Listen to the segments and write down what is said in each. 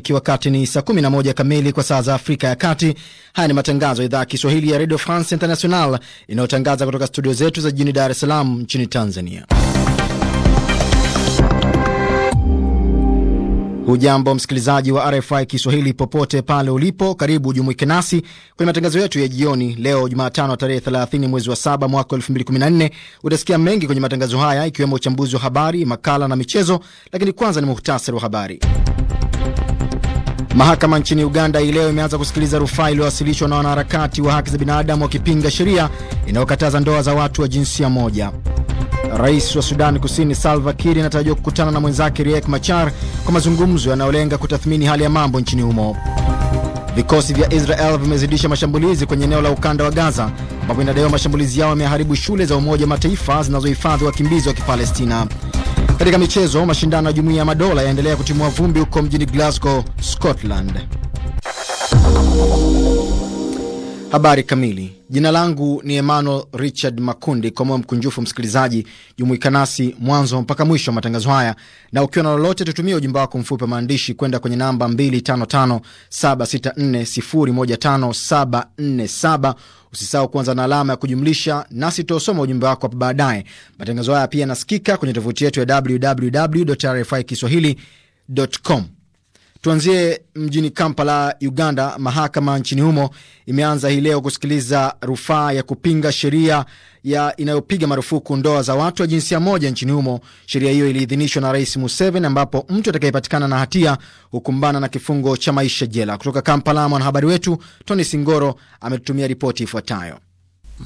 Mashariki, wakati ni saa 11 kamili kwa saa za Afrika ya Kati. Haya ni matangazo ya idhaa ya Kiswahili ya Radio France International inayotangaza kutoka studio zetu za jijini Dar es Salaam nchini Tanzania. Hujambo msikilizaji wa RFI Kiswahili popote pale ulipo, karibu ujumuike nasi kwenye matangazo yetu ya jioni leo Jumatano tarehe 30 mwezi wa 7 mwaka 2014. Utasikia mengi kwenye matangazo haya ikiwemo uchambuzi wa habari, makala na michezo, lakini kwanza ni muhtasari wa habari. Mahakama nchini Uganda hii leo imeanza kusikiliza rufaa iliyowasilishwa na wanaharakati wa haki za binadamu wakipinga sheria inayokataza ndoa za watu wa jinsia moja. Rais wa Sudan Kusini Salva Kiir anatarajiwa kukutana na mwenzake Riek Machar kwa mazungumzo yanayolenga kutathmini hali ya mambo nchini humo. Vikosi vya Israel vimezidisha mashambulizi kwenye eneo la ukanda wa Gaza, ambapo inadaiwa mashambulizi yao yameharibu shule za Umoja wa Mataifa zinazohifadhi wakimbizi wa Kipalestina. Katika michezo, mashindano ya Jumuiya ya Madola yaendelea kutimua vumbi huko mjini Glasgow, Scotland. Habari kamili. Jina langu ni Emmanuel Richard Makundi. Kwa moyo mkunjufu, msikilizaji, jumuika nasi mwanzo mpaka mwisho wa matangazo haya, na ukiwa na lolote, tutumie ujumbe wako mfupi wa maandishi kwenda kwenye namba 255764015747 Usisahau kuanza na alama ya kujumlisha, nasi tutasoma ujumbe wako hapo baadaye. Matangazo haya pia yanasikika kwenye tovuti yetu ya www RFI Kiswahili com. Tuanzie mjini Kampala, Uganda. Mahakama nchini humo imeanza hii leo kusikiliza rufaa ya kupinga sheria ya inayopiga marufuku ndoa za watu wa jinsia moja nchini humo. Sheria hiyo iliidhinishwa na Rais Museveni, ambapo mtu atakayepatikana na hatia hukumbana na kifungo cha maisha jela. Kutoka Kampala, mwanahabari wetu Tony Singoro ametutumia ripoti ifuatayo.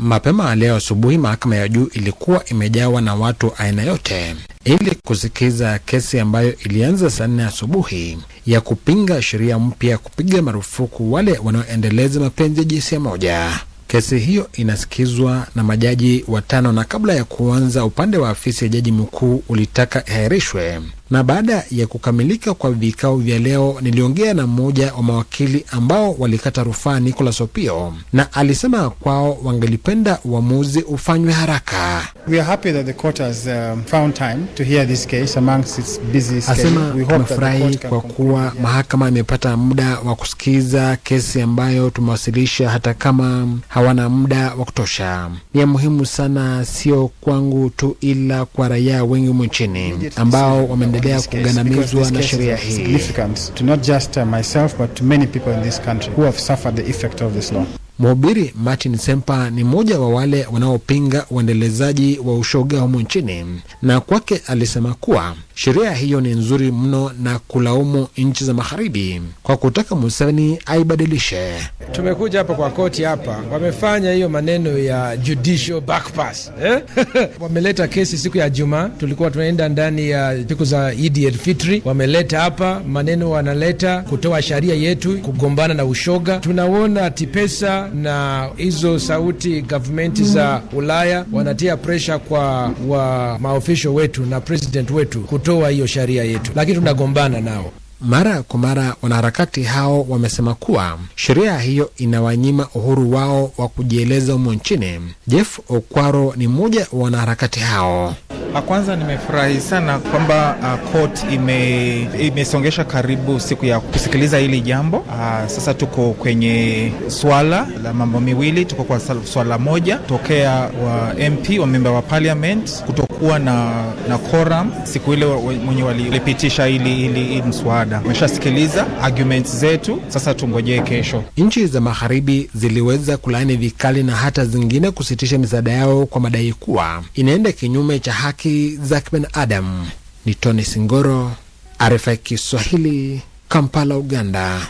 Mapema leo asubuhi, mahakama ya juu ilikuwa imejawa na watu aina yote ili kusikiza kesi ambayo ilianza saa nne asubuhi ya kupinga sheria mpya ya kupiga marufuku wale wanaoendeleza mapenzi ya jinsia moja. Kesi hiyo inasikizwa na majaji watano, na kabla ya kuanza, upande wa afisi ya jaji mkuu ulitaka ihairishwe na baada ya kukamilika kwa vikao vya leo, niliongea na mmoja wa mawakili ambao walikata rufaa Nicolas Opio, na alisema kwao wangelipenda uamuzi ufanywe haraka. Um, Asema tunafurahi kwa kuwa mahakama imepata muda wa kusikiza kesi ambayo tumewasilisha, hata kama hawana muda wa kutosha. Ni ya muhimu sana, sio kwangu tu, ila kwa raia wengi humu nchini ambao wameendelea baada ya kugandamizwa na sheria hii. Mhubiri Martin Sempa ni mmoja wa wale wanaopinga uendelezaji wa ushoga humu nchini, na kwake alisema kuwa sheria hiyo ni nzuri mno na kulaumu nchi za magharibi kwa kutaka Museveni aibadilishe. Tumekuja hapa kwa koti hapa, wamefanya hiyo maneno ya judicial backpass eh? wameleta kesi siku ya Jumaa, tulikuwa tunaenda ndani ya siku za Idi el Fitri, wameleta hapa maneno, wanaleta kutoa sharia yetu kugombana na ushoga. Tunaona ati pesa na hizo sauti gavumenti za Ulaya wanatia presha kwa wa maofisho wetu na president wetu kutoa hiyo sheria yetu, lakini tunagombana nao mara kwa mara. Wanaharakati hao wamesema kuwa sheria hiyo inawanyima uhuru wao wa kujieleza humo nchini. Jeff Okwaro ni mmoja wa wanaharakati hao. Kwanza nimefurahi sana kwamba uh, court ime, imesongesha karibu siku ya kusikiliza hili jambo uh, sasa tuko kwenye swala la mambo miwili, tuko kwa swala moja tokea wa MP wa memba wa parliament kutoka kuwa na, na koram siku ile mwenye walipitisha ili, ili, ili mswada. Ameshasikiliza arguments zetu, sasa tungojee kesho. Nchi za magharibi ziliweza kulaani vikali na hata zingine kusitisha misaada yao kwa madai kuwa inaenda kinyume cha haki za kibinadamu. Ni Tony Singoro, RFI Kiswahili, Kampala, Uganda.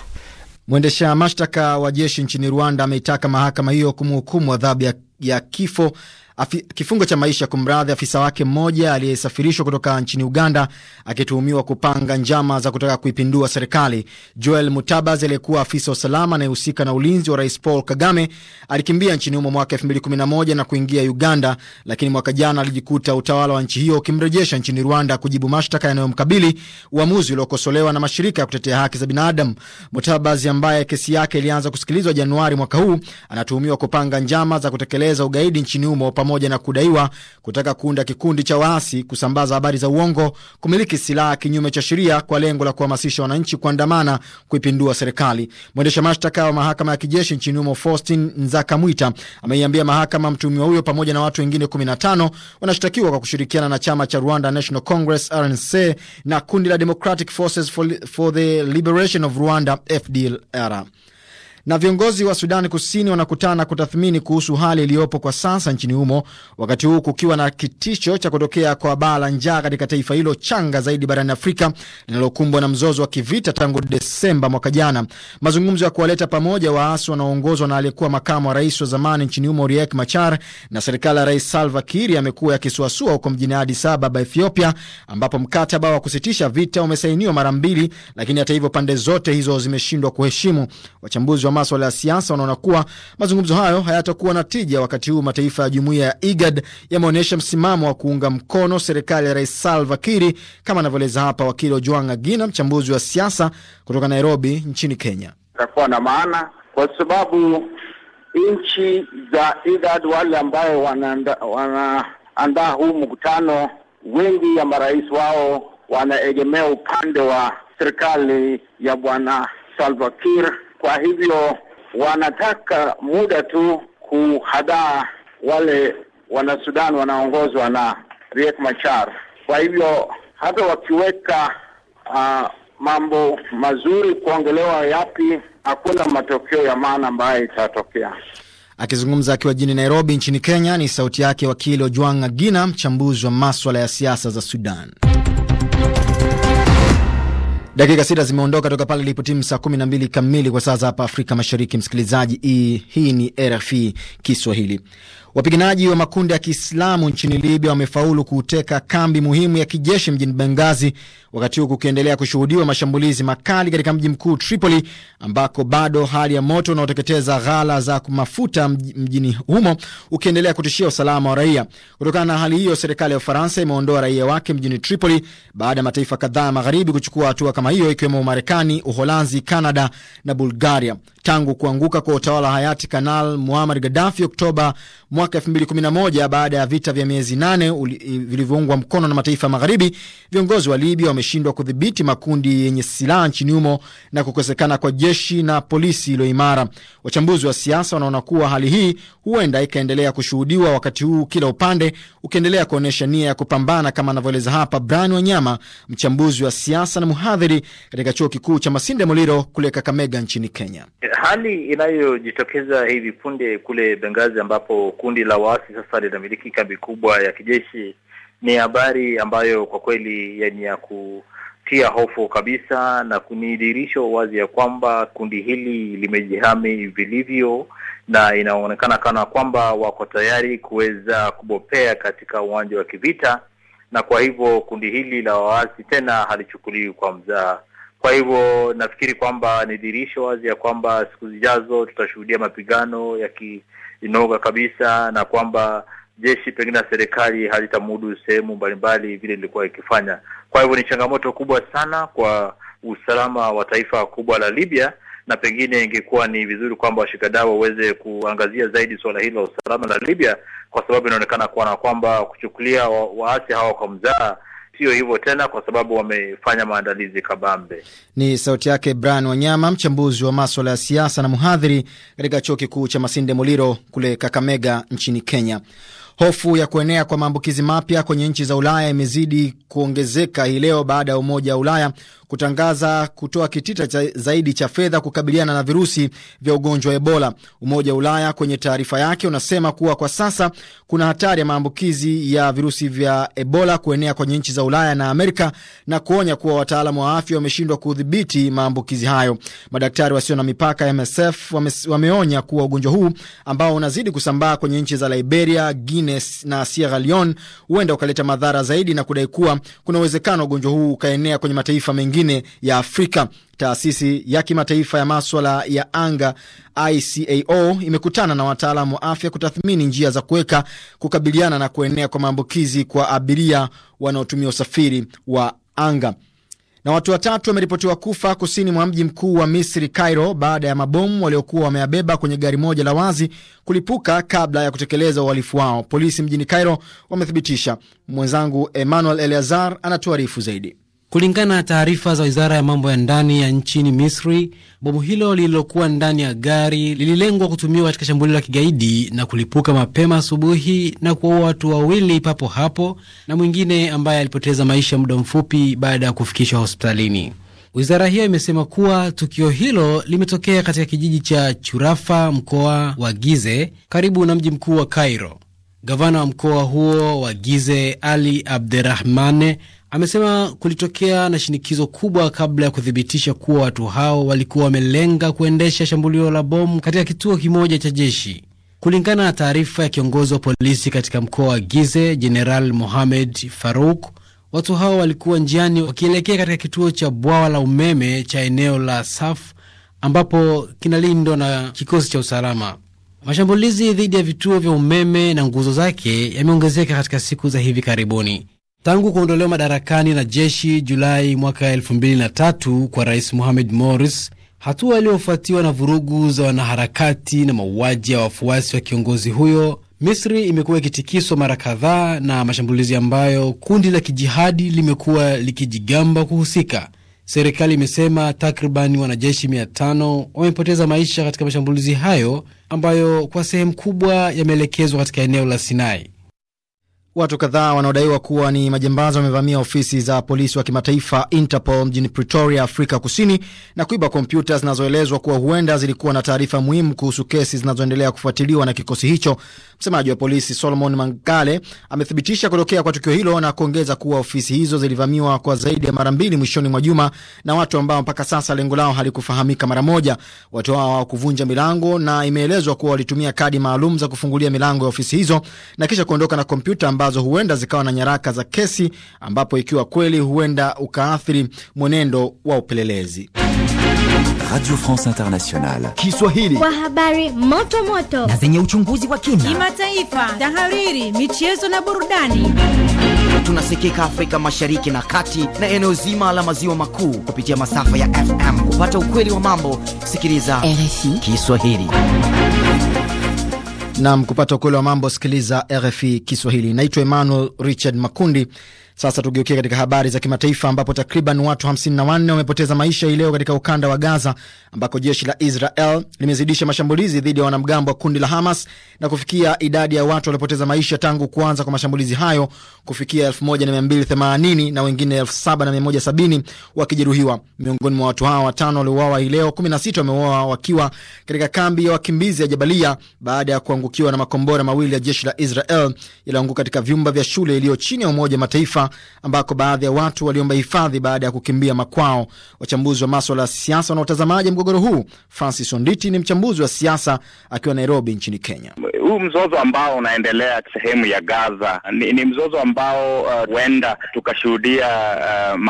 Mwendesha mashtaka wa jeshi nchini Rwanda ameitaka mahakama hiyo kumhukumu adhabu ya, ya kifo afi, kifungo cha maisha kumradhi, afisa wake mmoja aliyesafirishwa kutoka nchini Uganda akituhumiwa kupanga njama za kutaka kuipindua serikali. Joel Mutabaz aliyekuwa afisa wa usalama anayehusika na ulinzi wa rais Paul Kagame alikimbia nchini humo mwaka 2011 na kuingia Uganda, lakini mwaka jana alijikuta utawala wa nchi hiyo ukimrejesha nchini Rwanda kujibu mashtaka yanayomkabili, uamuzi uliokosolewa na mashirika ya kutetea haki za binadamu. Mutabaz ambaye kesi yake ilianza kusikilizwa Januari mwaka huu anatuhumiwa kupanga njama za kutekeleza ugaidi nchini humo pamoja na kudaiwa kutaka kuunda kikundi cha waasi, kusambaza habari za uongo, kumiliki silaha kinyume cha sheria kwa lengo la kuhamasisha wananchi kuandamana kuipindua serikali. Mwendesha mashtaka wa mahakama ya kijeshi nchini humo Faustin Mwita ameiambia mahakama mtumiwa huyo pamoja na watu wengine 15 wanashtakiwa kwa kushirikiana na chama cha Rwanda National Congress RNC na kundi la Democratic Forces for, for the Liberation of Rwanda FDLR. Na viongozi wa Sudani Kusini wanakutana kutathmini kuhusu hali iliyopo kwa sasa nchini humo, wakati huu kukiwa na kitisho cha kutokea kwa baa la njaa katika taifa hilo changa zaidi barani Afrika linalokumbwa na mzozo wa kivita tangu Desemba mwaka jana. Mazungumzo ya kuwaleta pamoja waasi wanaoongozwa na aliyekuwa makamu wa rais wa zamani nchini humo Riek Machar na serikali ya Rais Salva Kiir yamekuwa yakisuasua huko mjini Addis Ababa, Ethiopia, ambapo mkataba wa kusitisha vita umesainiwa mara mbili, lakini hata hivyo pande zote hizo zimeshindwa kuheshimu. Wachambuzi wa maswala ya siasa wanaona kuwa mazungumzo hayo hayatakuwa na tija, wakati huu mataifa ya jumuiya ya IGAD yameonyesha msimamo wa kuunga mkono serikali ya Rais Salva Kiir, kama anavyoeleza hapa wakili Ojwang Agina, mchambuzi wa siasa kutoka Nairobi nchini Kenya. Itakuwa na maana kwa sababu nchi za IGAD wale ambayo wanaandaa wana huu mkutano, wengi ya marais wao wanaegemea upande wa serikali ya Bwana Salva Kiir kwa hivyo wanataka muda tu kuhadaa wale wanasudan wanaongozwa na Riek Machar. Kwa hivyo hata wakiweka uh, mambo mazuri kuongelewa yapi, hakuna matokeo ya maana ambayo itatokea. Akizungumza akiwa jini Nairobi nchini Kenya, ni sauti yake wakili Ojwang Agina, mchambuzi wa maswala ya siasa za Sudan. Dakika sita zimeondoka toka pale ilipo timu saa kumi na mbili kamili kwa saa za hapa Afrika Mashariki. Msikilizaji, hii ni RFI Kiswahili. Wapiganaji wa makundi ya Kiislamu nchini Libya wamefaulu kuteka kambi muhimu ya kijeshi mjini Benghazi, wakati huu kukiendelea kushuhudiwa mashambulizi makali katika mji mkuu Tripoli, ambako bado hali ya moto unaoteketeza ghala za mafuta mjini humo ukiendelea kutishia usalama wa raia. Kutokana na hali hiyo, serikali ya Ufaransa imeondoa raia wake mjini Tripoli baada ya mataifa kadhaa ya magharibi kuchukua hatua kama hiyo, ikiwemo Marekani, Uholanzi, Kanada na Bulgaria tangu kuanguka kwa utawala wa hayati Kanal Muammar Gaddafi Oktoba mwaka 2011 baada ya vita vya miezi nane vilivyoungwa mkono na mataifa magharibi, viongozi wa Libya wameshindwa kudhibiti makundi yenye silaha nchini humo na kukosekana kwa jeshi na polisi iliyo imara. Wachambuzi wa siasa wanaona kuwa hali hii huenda ikaendelea kushuhudiwa wakati huu kila upande ukiendelea kuonyesha nia ya kupambana, kama anavyoeleza hapa Brian Wanyama, mchambuzi wa siasa na mhadhiri katika chuo kikuu cha Masinde Muliro kule Kakamega nchini Kenya. Hali inayojitokeza hivi punde kule Bengazi ambapo kundi kundi la waasi sasa linamiliki kambi kubwa ya kijeshi ni habari ambayo kwa kweli yani ya kutia hofu kabisa, na ni wazi ya kwamba kundi hili limejihami vilivyo, na inaonekana kana kwamba wako tayari kuweza kubopea katika uwanja wa kivita, na kwa hivyo kundi hili la waasi tena halichukuliwi kwa mzaa Kwa hivyo nafikiri kwamba ni dirisho wazi ya kwamba siku zijazo tutashuhudia mapigano ya ki inoga kabisa, na kwamba jeshi pengine na serikali halitamudu sehemu mbalimbali vile ilikuwa ikifanya. Kwa hivyo ni changamoto kubwa sana kwa usalama wa taifa kubwa la Libya, na pengine ingekuwa ni vizuri kwamba washikadao waweze kuangazia zaidi suala hilo la usalama la Libya, kwa sababu inaonekana kuwa na kwamba kuchukulia waasi hawa kwa mzaa Siyo hivyo tena, kwa sababu wamefanya maandalizi kabambe. Ni sauti yake Brian Wanyama, mchambuzi wa maswala ya siasa na mhadhiri katika chuo kikuu cha Masinde Muliro kule Kakamega nchini Kenya. Hofu ya kuenea kwa maambukizi mapya kwenye nchi za Ulaya imezidi kuongezeka hii leo baada ya Umoja wa Ulaya kutangaza kutoa kitita cha zaidi cha fedha kukabiliana na virusi vya ugonjwa wa Ebola. Umoja wa Ulaya kwenye taarifa yake unasema kuwa kwa sasa kuna hatari ya maambukizi ya virusi vya Ebola kuenea kwenye nchi za Ulaya na Amerika na kuonya kuwa wataalamu wa afya wameshindwa kudhibiti maambukizi hayo. Madaktari wasio na mipaka MSF wame, wameonya kuwa ugonjwa huu ambao unazidi kusambaa kwenye nchi za Liberia, Guinea Guine na Sierra Leone huenda ukaleta madhara zaidi na kudai kuwa kuna uwezekano wa ugonjwa huu ukaenea kwenye mataifa mengine ya Afrika. Taasisi ya kimataifa ya maswala ya anga ICAO imekutana na wataalamu wa afya kutathmini njia za kuweka kukabiliana na kuenea kwa maambukizi kwa abiria wanaotumia usafiri wa anga. Na watu watatu wameripotiwa kufa kusini mwa mji mkuu wa Misri, Cairo, baada ya mabomu waliokuwa wameyabeba kwenye gari moja la wazi kulipuka kabla ya kutekeleza uhalifu wao. Polisi mjini Cairo wamethibitisha. Mwenzangu Emmanuel Eleazar anatuarifu zaidi. Kulingana na taarifa za wizara ya mambo ya ndani ya nchini Misri, bomu hilo lililokuwa ndani ya gari lililengwa kutumiwa katika shambulio la kigaidi na kulipuka mapema asubuhi na kuwaua watu wawili papo hapo na mwingine ambaye alipoteza maisha muda mfupi baada ya kufikishwa hospitalini. Wizara hiyo imesema kuwa tukio hilo limetokea katika kijiji cha Churafa, mkoa wa Gize, karibu na mji mkuu wa Cairo. Gavana wa mkoa huo wa Gize, Ali Abderahmane, Amesema kulitokea na shinikizo kubwa kabla ya kuthibitisha kuwa watu hao walikuwa wamelenga kuendesha shambulio la bomu katika kituo kimoja cha jeshi. Kulingana na taarifa ya kiongozi wa polisi katika mkoa wa Gize, Jeneral Mohamed Faruk, watu hao walikuwa njiani wakielekea katika kituo cha bwawa la umeme cha eneo la Saf ambapo kinalindwa na kikosi cha usalama. Mashambulizi dhidi ya vituo vya umeme na nguzo zake yameongezeka katika siku za hivi karibuni. Tangu kuondolewa madarakani na jeshi Julai mwaka 2003 kwa Rais Mohamed morris hatua iliyofuatiwa na vurugu za wanaharakati na mauaji ya wafuasi wa kiongozi huyo, Misri imekuwa ikitikiswa mara kadhaa na mashambulizi ambayo kundi la kijihadi limekuwa likijigamba kuhusika. Serikali imesema takriban wanajeshi 500 wamepoteza maisha katika mashambulizi hayo ambayo kwa sehemu kubwa yameelekezwa katika eneo la Sinai. Watu kadhaa wanaodaiwa kuwa ni majambazi wamevamia ofisi za polisi wa kimataifa Interpol mjini Pretoria, Afrika Kusini, na kuiba kompyuta zinazoelezwa kuwa huenda zilikuwa na taarifa muhimu kuhusu kesi zinazoendelea kufuatiliwa na kikosi hicho. Msemaji wa polisi Solomon Mangale amethibitisha kutokea kwa tukio hilo na kuongeza kuwa ofisi hizo zilivamiwa kwa zaidi ya mara mbili mwishoni mwa juma na watu ambao mpaka sasa lengo lao halikufahamika mara moja. Watu hao hawakuvunja milango na imeelezwa kuwa walitumia kadi maalum za kufungulia milango ya ofisi hizo na kisha kuondoka na kompyuta ambazo huenda zikawa na nyaraka za kesi, ambapo ikiwa kweli huenda ukaathiri mwenendo wa upelelezi. Radio France Internationale Kiswahili, kwa habari moto moto na zenye uchunguzi wa kina, kimataifa, tahariri, michezo na burudani. Tunasikika Afrika Mashariki na Kati na eneo zima la maziwa makuu kupitia masafa ya FM. Kupata ukweli wa mambo, sikiliza RFI Kiswahili. Nam kupata ukweli wa mambo, sikiliza RFI Kiswahili. Naitwa Emmanuel Richard Makundi. Sasa tugeukia katika habari za kimataifa ambapo takriban watu 54 wamepoteza maisha hii leo katika ukanda wa Gaza ambako jeshi la Israel limezidisha mashambulizi dhidi ya wanamgambo wa kundi la Hamas na kufikia idadi ya watu waliopoteza maisha tangu kuanza kwa mashambulizi hayo kufikia 1280 na wengine 7170 wakijeruhiwa. Miongoni mwa watu hawa watano waliouawa hii leo, 16 wameuawa wakiwa katika kambi ya wakimbizi ya Jabalia baada ya kuangukiwa na makombora mawili ya jeshi la Israel yaliyoanguka katika vyumba vya shule iliyo chini ya Umoja Mataifa ambako baadhi ya watu waliomba hifadhi baada ya kukimbia makwao. Wachambuzi wa maswala ya siasa wanaotazamaji mgogoro huu. Francis Onditi ni mchambuzi wa siasa akiwa Nairobi nchini Kenya. Huu mzozo ambao unaendelea sehemu ya Gaza ni, ni mzozo ambao uh, huenda uh, tukashuhudia uh,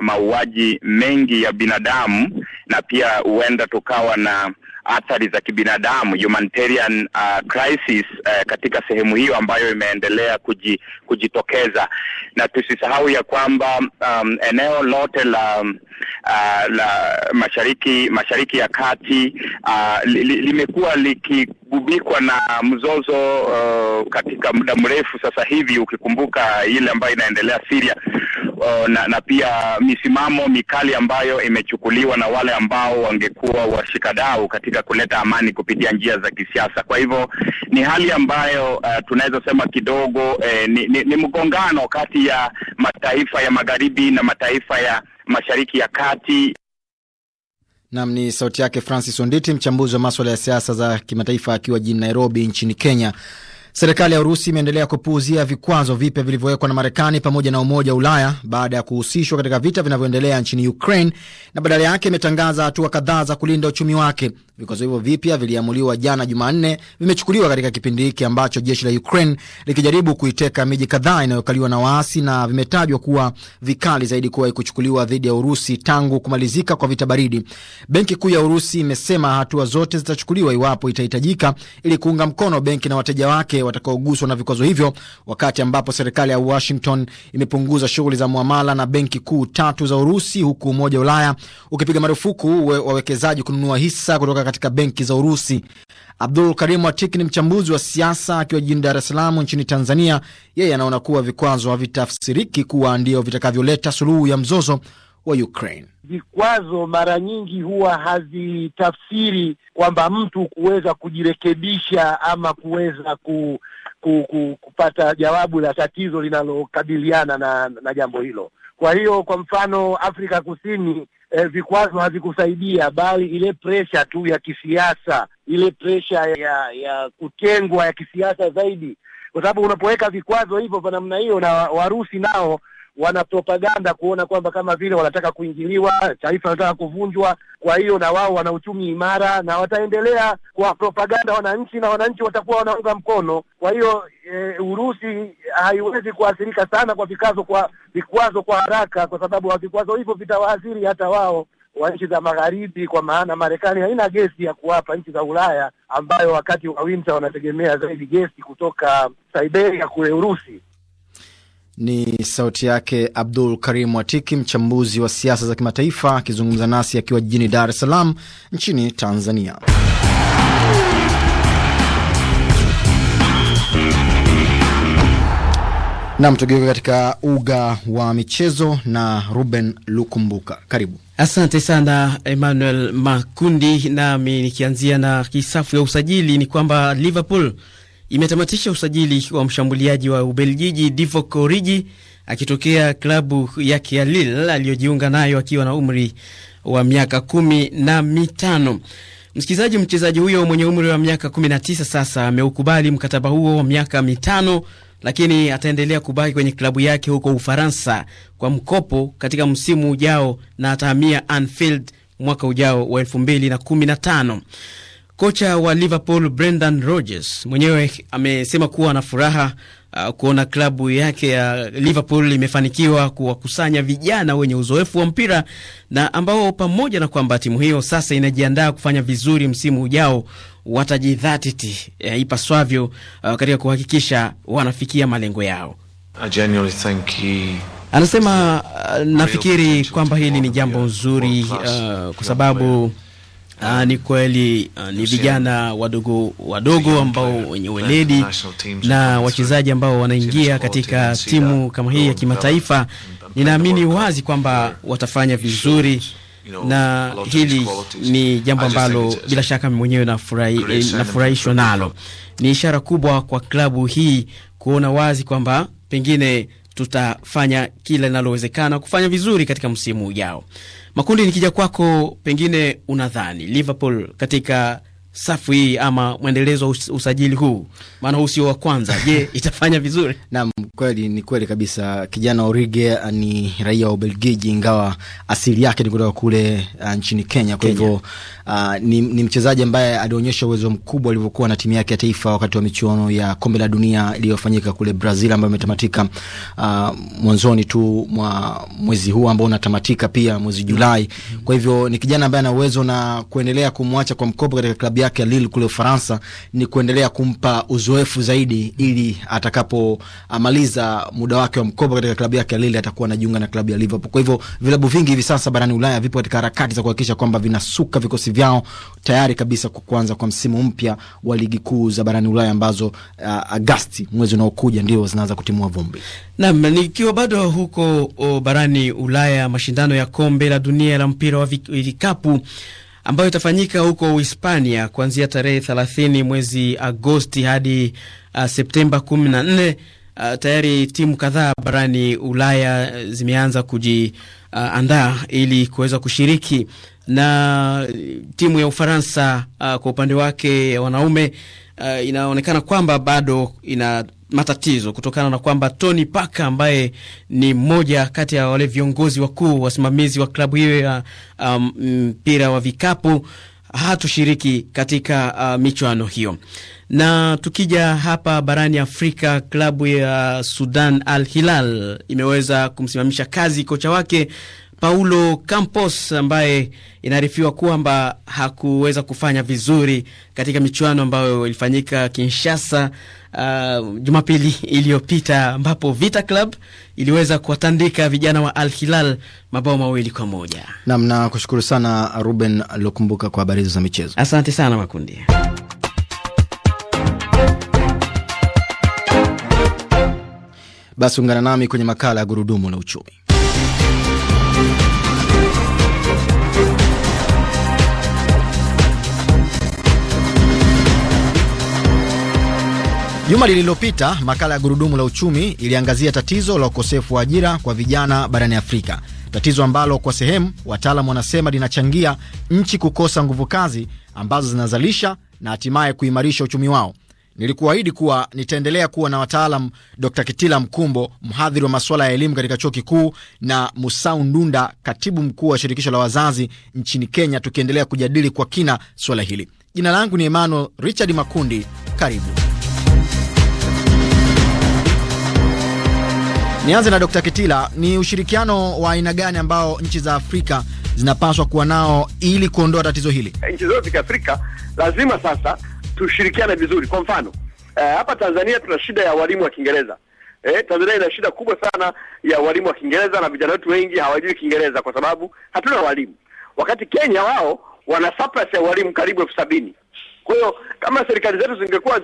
mauaji ma, ma mengi ya binadamu na pia huenda tukawa na athari za kibinadamu humanitarian uh, crisis uh, katika sehemu hiyo ambayo imeendelea kuji, kujitokeza, na tusisahau ya kwamba um, eneo lote la um, uh, la mashariki mashariki ya kati uh, limekuwa li, liki kugubikwa na mzozo uh, katika muda mrefu sasa hivi, ukikumbuka ile ambayo inaendelea Syria uh, na, na pia misimamo mikali ambayo imechukuliwa na wale ambao wangekuwa washikadau katika kuleta amani kupitia njia za kisiasa. Kwa hivyo ni hali ambayo uh, tunaweza sema kidogo eh, ni, ni, ni mgongano kati ya mataifa ya magharibi na mataifa ya mashariki ya kati. Nam ni sauti yake Francis Onditi, mchambuzi wa maswala ya siasa za kimataifa akiwa jijini Nairobi nchini Kenya. Serikali ya Urusi imeendelea kupuuzia vikwazo vipya vilivyowekwa na Marekani pamoja na Umoja wa Ulaya baada ya kuhusishwa katika vita vinavyoendelea nchini Ukraine na badala yake imetangaza hatua kadhaa za kulinda uchumi wake. Vikwazo hivyo vipya viliamuliwa jana Jumanne vimechukuliwa katika kipindi hiki ambacho jeshi la Ukraine likijaribu kuiteka miji kadhaa inayokaliwa na waasi na vimetajwa kuwa vikali zaidi kuwahi kuchukuliwa dhidi ya Urusi tangu kumalizika kwa vita baridi. Benki Kuu ya Urusi imesema hatua zote zitachukuliwa iwapo itahitajika ili kuunga mkono benki na wateja wake watakaoguswa na vikwazo hivyo, wakati ambapo serikali ya Washington imepunguza shughuli za muamala na benki kuu tatu za Urusi, huku Umoja wa Ulaya ukipiga marufuku wawekezaji kununua hisa kutoka katika benki za Urusi. Abdul Karim atik ni mchambuzi wa siasa akiwa jijini Dar es Salaam nchini Tanzania. Yeye anaona kuwa vikwazo havitafsiriki kuwa ndio vitakavyoleta suluhu ya mzozo wa Ukraine. Vikwazo mara nyingi huwa hazitafsiri kwamba mtu kuweza kujirekebisha ama kuweza ku, ku, ku, kupata jawabu la tatizo linalokabiliana na, na jambo hilo. Kwa hiyo kwa mfano Afrika Kusini eh, vikwazo havikusaidia, bali ile presha tu ya kisiasa, ile presha ya ya kutengwa ya kisiasa zaidi, kwa sababu unapoweka vikwazo hivyo kwa namna hiyo, na Warusi nao wana propaganda kuona kwamba kama vile wanataka kuingiliwa, taifa linataka kuvunjwa. Kwa hiyo na wao wana uchumi imara, na wataendelea kwa propaganda wananchi, na wananchi watakuwa wanaunga mkono. Kwa hiyo e, Urusi haiwezi kuathirika sana kwa vikazo kwa vikwazo kwa haraka, kwa sababu vikwazo hivyo vitawaathiri hata wao wa nchi za magharibi, kwa maana Marekani haina gesi ya kuwapa nchi za Ulaya, ambayo wakati wa winter wanategemea zaidi gesi kutoka Siberia kule Urusi. Ni sauti yake Abdul Karim Watiki, mchambuzi wa siasa za kimataifa akizungumza nasi akiwa jijini Dar es Salaam nchini Tanzania. Nam, tugeuke katika uga wa michezo na Ruben Lukumbuka, karibu. Asante sana Emmanuel Makundi, nami nikianzia na kisafu ya usajili ni kwamba Liverpool imetamatisha usajili wa mshambuliaji wa Ubelgiji Divock Origi akitokea klabu yake ya Lille aliyojiunga nayo akiwa na umri wa miaka kumi na mitano. Msikilizaji, mchezaji huyo mwenye umri wa miaka 19 sasa ameukubali mkataba huo wa miaka mitano, lakini ataendelea kubaki kwenye klabu yake huko Ufaransa kwa mkopo katika msimu ujao na atahamia Anfield mwaka ujao wa tano. Kocha wa Liverpool Brendan Rodgers mwenyewe amesema kuwa ana furaha uh, kuona klabu yake ya Liverpool imefanikiwa kuwakusanya vijana wenye uzoefu wa mpira na ambao pamoja na kwamba timu hiyo sasa inajiandaa kufanya vizuri msimu ujao watajidhatiti uh, ipaswavyo uh, katika kuhakikisha wanafikia malengo yao. Anasema uh, nafikiri kwamba hili ni jambo nzuri uh, kwa sababu Uh, ni kweli uh, ni vijana wadogo wadogo ambao wenye weledi na wachezaji ambao wanaingia katika timu kama hii ya kimataifa. Ninaamini wazi kwamba watafanya vizuri na hili ni jambo ambalo bila shaka mwenyewe nafurahishwa nalo. Ni ishara kubwa kwa klabu hii kuona wazi kwamba pengine tutafanya kila linalowezekana kufanya vizuri katika msimu ujao. Makundi, nikija kwako, pengine unadhani Liverpool katika safu hii ama mwendelezo wa usajili huu, maana huu sio wa kwanza. Je, itafanya vizuri? Naam, kweli ni kweli kabisa. Kijana Orige ah, ni raia wa Ubelgiji, ingawa asili yake ni kutoka kule uh, nchini Kenya. Kwa hivyo uh, ni, ni mchezaji ambaye alionyesha uwezo mkubwa alivyokuwa na timu yake ya taifa wakati wa michuano ya kombe la dunia iliyofanyika kule Brazil ambayo imetamatika uh, mwanzoni tu mwa mwezi huu ambao unatamatika pia mwezi Julai. Mm-hmm. Kwa hivyo ni kijana ambaye ana uwezo na kuendelea kumwacha kwa mkopo katika klabu yake ya Lille kule Ufaransa ni kuendelea kumpa uzoefu zaidi, ili atakapomaliza ah, muda wake wa mkopo katika klabu yake ya Lille atakuwa anajiunga na klabu ya Liverpool. Kwa hivyo vilabu vingi hivi sasa barani Ulaya vipo katika harakati za kuhakikisha kwamba vinasuka vikosi vyao tayari kabisa kwa kuanza kwa msimu mpya wa ligi kuu za barani Ulaya ambazo uh, ah, Agasti mwezi unaokuja ndio zinaanza kutimua vumbi. Naam, nikiwa bado huko o, oh, barani Ulaya mashindano ya kombe la dunia la mpira wa vikapu vik, ambayo itafanyika huko Uhispania kuanzia tarehe 30 mwezi Agosti hadi uh, Septemba 14. Uh, tayari timu kadhaa barani Ulaya uh, zimeanza kujiandaa uh, ili kuweza kushiriki, na uh, timu ya Ufaransa uh, kwa upande wake wanaume uh, inaonekana kwamba bado ina matatizo kutokana na kwamba Tony Parker ambaye ni mmoja kati ya wale viongozi wakuu wasimamizi wa klabu hiyo ya um, mpira wa vikapu hatushiriki katika uh, michuano hiyo. Na tukija hapa barani Afrika, klabu ya Sudan Al Hilal imeweza kumsimamisha kazi kocha wake Paulo Campos ambaye inaarifiwa kwamba hakuweza kufanya vizuri katika michuano ambayo ilifanyika Kinshasa uh, Jumapili iliyopita ambapo Vita Club iliweza kuwatandika vijana wa Al Hilal mabao mawili kwa moja. Nam na kushukuru sana Ruben Lokumbuka kwa habari hizo za michezo. Asante sana Makundi. Basi ungana nami kwenye makala ya gurudumu la uchumi. Juma lililopita makala ya Gurudumu la Uchumi iliangazia tatizo la ukosefu wa ajira kwa vijana barani Afrika, tatizo ambalo kwa sehemu wataalamu wanasema linachangia nchi kukosa nguvu kazi ambazo zinazalisha na hatimaye kuimarisha uchumi wao. Nilikuahidi kuwa nitaendelea kuwa na wataalam Dr Kitila Mkumbo, mhadhiri wa masuala ya elimu katika chuo kikuu, na Musau Ndunda, katibu mkuu wa shirikisho la wazazi nchini Kenya, tukiendelea kujadili kwa kina suala hili. Jina langu ni Emmanuel Richard Makundi. Karibu. Nianze na Dr. Kitila, ni ushirikiano wa aina gani ambao nchi za Afrika zinapaswa kuwa nao ili kuondoa tatizo hili? Eh, nchi zote za Afrika lazima sasa tushirikiane vizuri. Kwa mfano eh, hapa Tanzania tuna shida ya walimu wa Kiingereza. Eh, Tanzania ina shida kubwa sana ya walimu wa Kiingereza na vijana wetu wengi hawajui Kiingereza kwa sababu hatuna walimu, wakati Kenya wao wana surplus ya walimu karibu elfu sabini. Kwa hiyo kama serikali zetu zingekuwa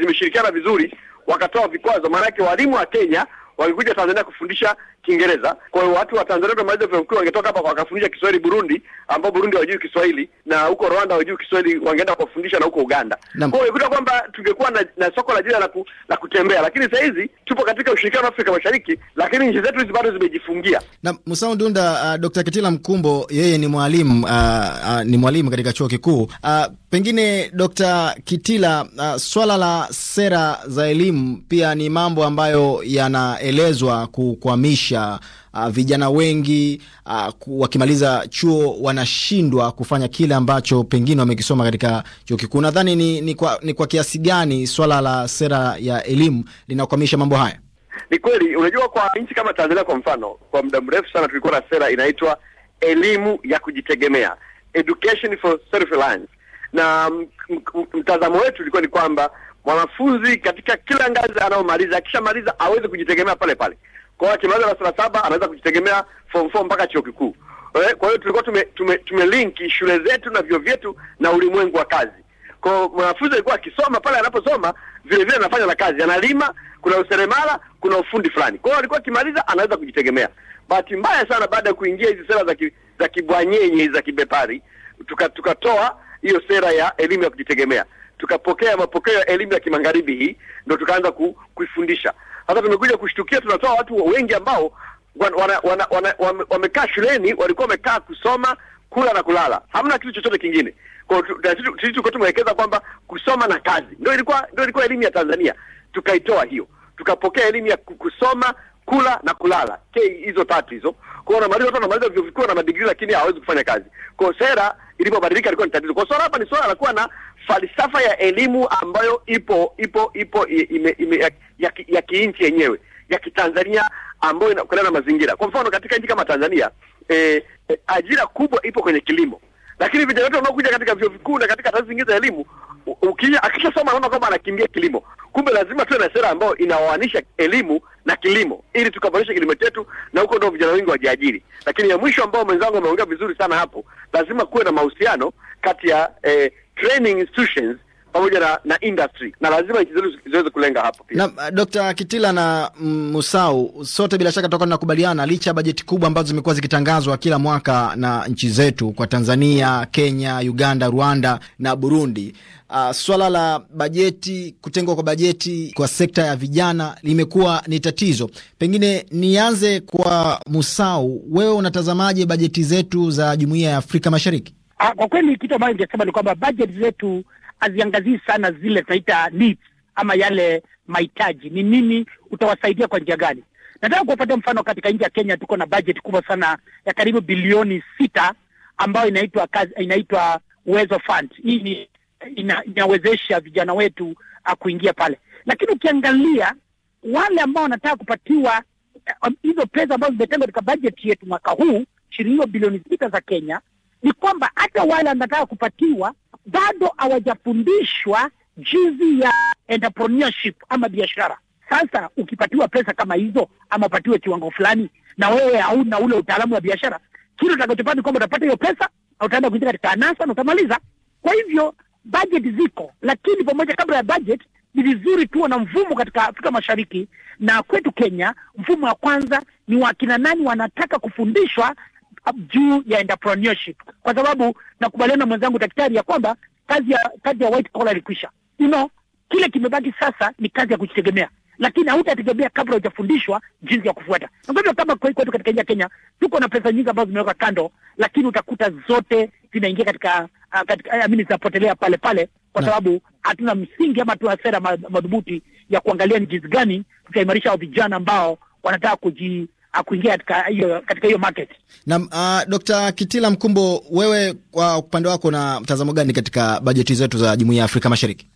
zimeshirikiana zime vizuri, wakatoa vikwazo, maanake walimu wa Kenya wakikuja Tanzania kufundisha Kiingereza. Kwa hiyo watu wa Tanzania tunamaliza vyuo vikuu wangetoka hapa wakafundisha Kiswahili Burundi, ambao Burundi hawajui Kiswahili, na huko Rwanda hawajui Kiswahili, wangeenda kufundisha na huko Uganda. Kwa hiyo ikuta kwamba tungekuwa na, na soko la ajira la, ku, la kutembea, lakini saa hizi tupo katika ushirikiano wa Afrika Mashariki, lakini nchi zetu hizi bado zimejifungia. Na Musa Ndunda, uh, Dr. Kitila Mkumbo yeye ni mwalimu uh, uh, ni mwalimu katika chuo kikuu uh, pengine Dr. Kitila uh, swala la sera za elimu pia ni mambo ambayo yanaelezwa kukwamisha kuwafurahisha uh, ah, vijana wengi uh, wakimaliza chuo wanashindwa kufanya kile ambacho pengine wamekisoma katika chuo kikuu. Nadhani ni, ni, kwa, ni kwa kiasi gani swala la sera ya elimu linakwamisha mambo haya? Ni kweli, unajua kwa nchi kama Tanzania kwa mfano, kwa muda mrefu sana tulikuwa na sera inaitwa elimu ya kujitegemea, education for self reliance, na mm, mm, mtazamo wetu ulikuwa ni kwamba mwanafunzi katika kila ngazi anayomaliza akishamaliza aweze kujitegemea pale pale. Kwa hiyo akimaliza darasa la saba anaweza kujitegemea form four mpaka chuo kikuu. Eh, kwa hiyo tulikuwa tume, tume, link shule zetu na vyuo vyetu na ulimwengu wa kazi. Kwa mwanafunzi alikuwa akisoma pale anaposoma vile vile anafanya na kazi, analima, kuna useremala, kuna ufundi fulani. Kwa hiyo alikuwa akimaliza anaweza kujitegemea. Bahati mbaya sana, baada ya kuingia hizi sera za ki, za kibwanyenye za kibepari, tukatoa tuka hiyo sera ya elimu ya kujitegemea, tukapokea mapokeo ya elimu ya kimagharibi hii, ndio tukaanza ku, kuifundisha sasa tumekuja kushtukia, tunatoa watu wengi ambao wamekaa shuleni, walikuwa wamekaa kusoma, kula na kulala, hamna kitu chochote kingine. Sisi tulikuwa tumewekeza kwamba kusoma na kazi ndio ilikuwa ndio ilikuwa elimu ya Tanzania, tukaitoa hiyo, tukapokea elimu ya kusoma kula na kulala k hizo tatu hizo. Kwa hiyo unamaliza watu wanamaliza vyuo vikuu na madigrii, lakini hawawezi kufanya kazi. Kwa sera ilipobadilika ilikuwa ni tatizo. Kwa swala hapa ni swala la kuwa na falsafa ya elimu ambayo ipo ipo ipo ime, ime, ya, ya, ya kiinchi yenyewe ya kitanzania ambayo inakutana na mazingira. Kwa mfano katika nchi kama Tanzania eh, eh, ajira kubwa ipo kwenye kilimo, lakini vijana wetu wanaokuja katika vyo vikuu na katika taasisi zingine za elimu ukija akishasoma anaona kwamba anakimbia kilimo. Kumbe lazima tuwe na sera ambayo inawaanisha elimu na kilimo, ili tukaboresha kilimo chetu, na huko ndio vijana wengi wajiajiri. Lakini ya mwisho ambao mwenzangu ameongea vizuri sana hapo, lazima kuwe na mahusiano kati ya eh, training institutions pamoja na, na industry na lazima ziweze kulenga hapo pia. Na uh, Dr. Kitila na mm, Musau, sote bila shaka tutakuwa tunakubaliana, licha ya bajeti kubwa ambazo zimekuwa zikitangazwa kila mwaka na nchi zetu kwa Tanzania, Kenya, Uganda, Rwanda na Burundi. Uh, swala la bajeti, kutengwa kwa bajeti kwa sekta ya vijana limekuwa ni tatizo. Pengine nianze kwa Musau, wewe unatazamaje bajeti zetu za Jumuiya ya Afrika Mashariki? A, ah, kwa kweli kitu ambayo ningesema ni kwamba budget zetu haziangazii sana zile tunaita needs ama yale mahitaji ni nini, utawasaidia kwa njia gani. Nataka kuwapatia mfano, katika nchi ya Kenya tuko na budget kubwa sana ya karibu bilioni sita ambayo inaitwa inaitwa Uwezo Fund. Hii ni ina, inawezesha vijana wetu ah, kuingia pale, lakini ukiangalia wale ambao wanataka kupatiwa eh, hizo um, pesa ambazo zimetengwa katika budget yetu mwaka huu shilingi bilioni sita za Kenya ni kwamba hata wale anataka kupatiwa bado hawajafundishwa jinsi ya entrepreneurship ama biashara. Sasa ukipatiwa pesa kama hizo ama upatiwe kiwango fulani, na wewe hauna ule utaalamu wa biashara, kile utakachopata ni kwamba utapata hiyo pesa na utaenda kuingia katika anasa na utamaliza. Kwa hivyo bajeti ziko, lakini pamoja, kabla ya bajeti ni vizuri tuwe na mfumo katika Afrika Mashariki na kwetu Kenya. Mfumo wa kwanza ni wakina nani wanataka kufundishwa juu ya entrepreneurship, kwa sababu nakubaliana na mwenzangu daktari ya kwamba kazi ya kazi ya white collar ilikwisha. You know, kile kimebaki sasa ni kazi ya kujitegemea, lakini hautategemea kabla hujafundishwa jinsi ya kufuata. Na kwa hivyo kama kwetu katika nchi ya Kenya tuko na pesa nyingi ambazo zimewekwa kando, lakini utakuta zote zinaingia katika uh, katika uh, mimi zinapotelea pale pale kwa sababu hatuna msingi ama tu sera madhubuti ya kuangalia ni jinsi gani tutaimarisha vijana ambao wanataka kuji kuingia katika hiyo market. Na uh, Dr. Kitila Mkumbo, wewe kwa upande wako na mtazamo gani katika bajeti zetu za Jumuiya ya Afrika Mashariki?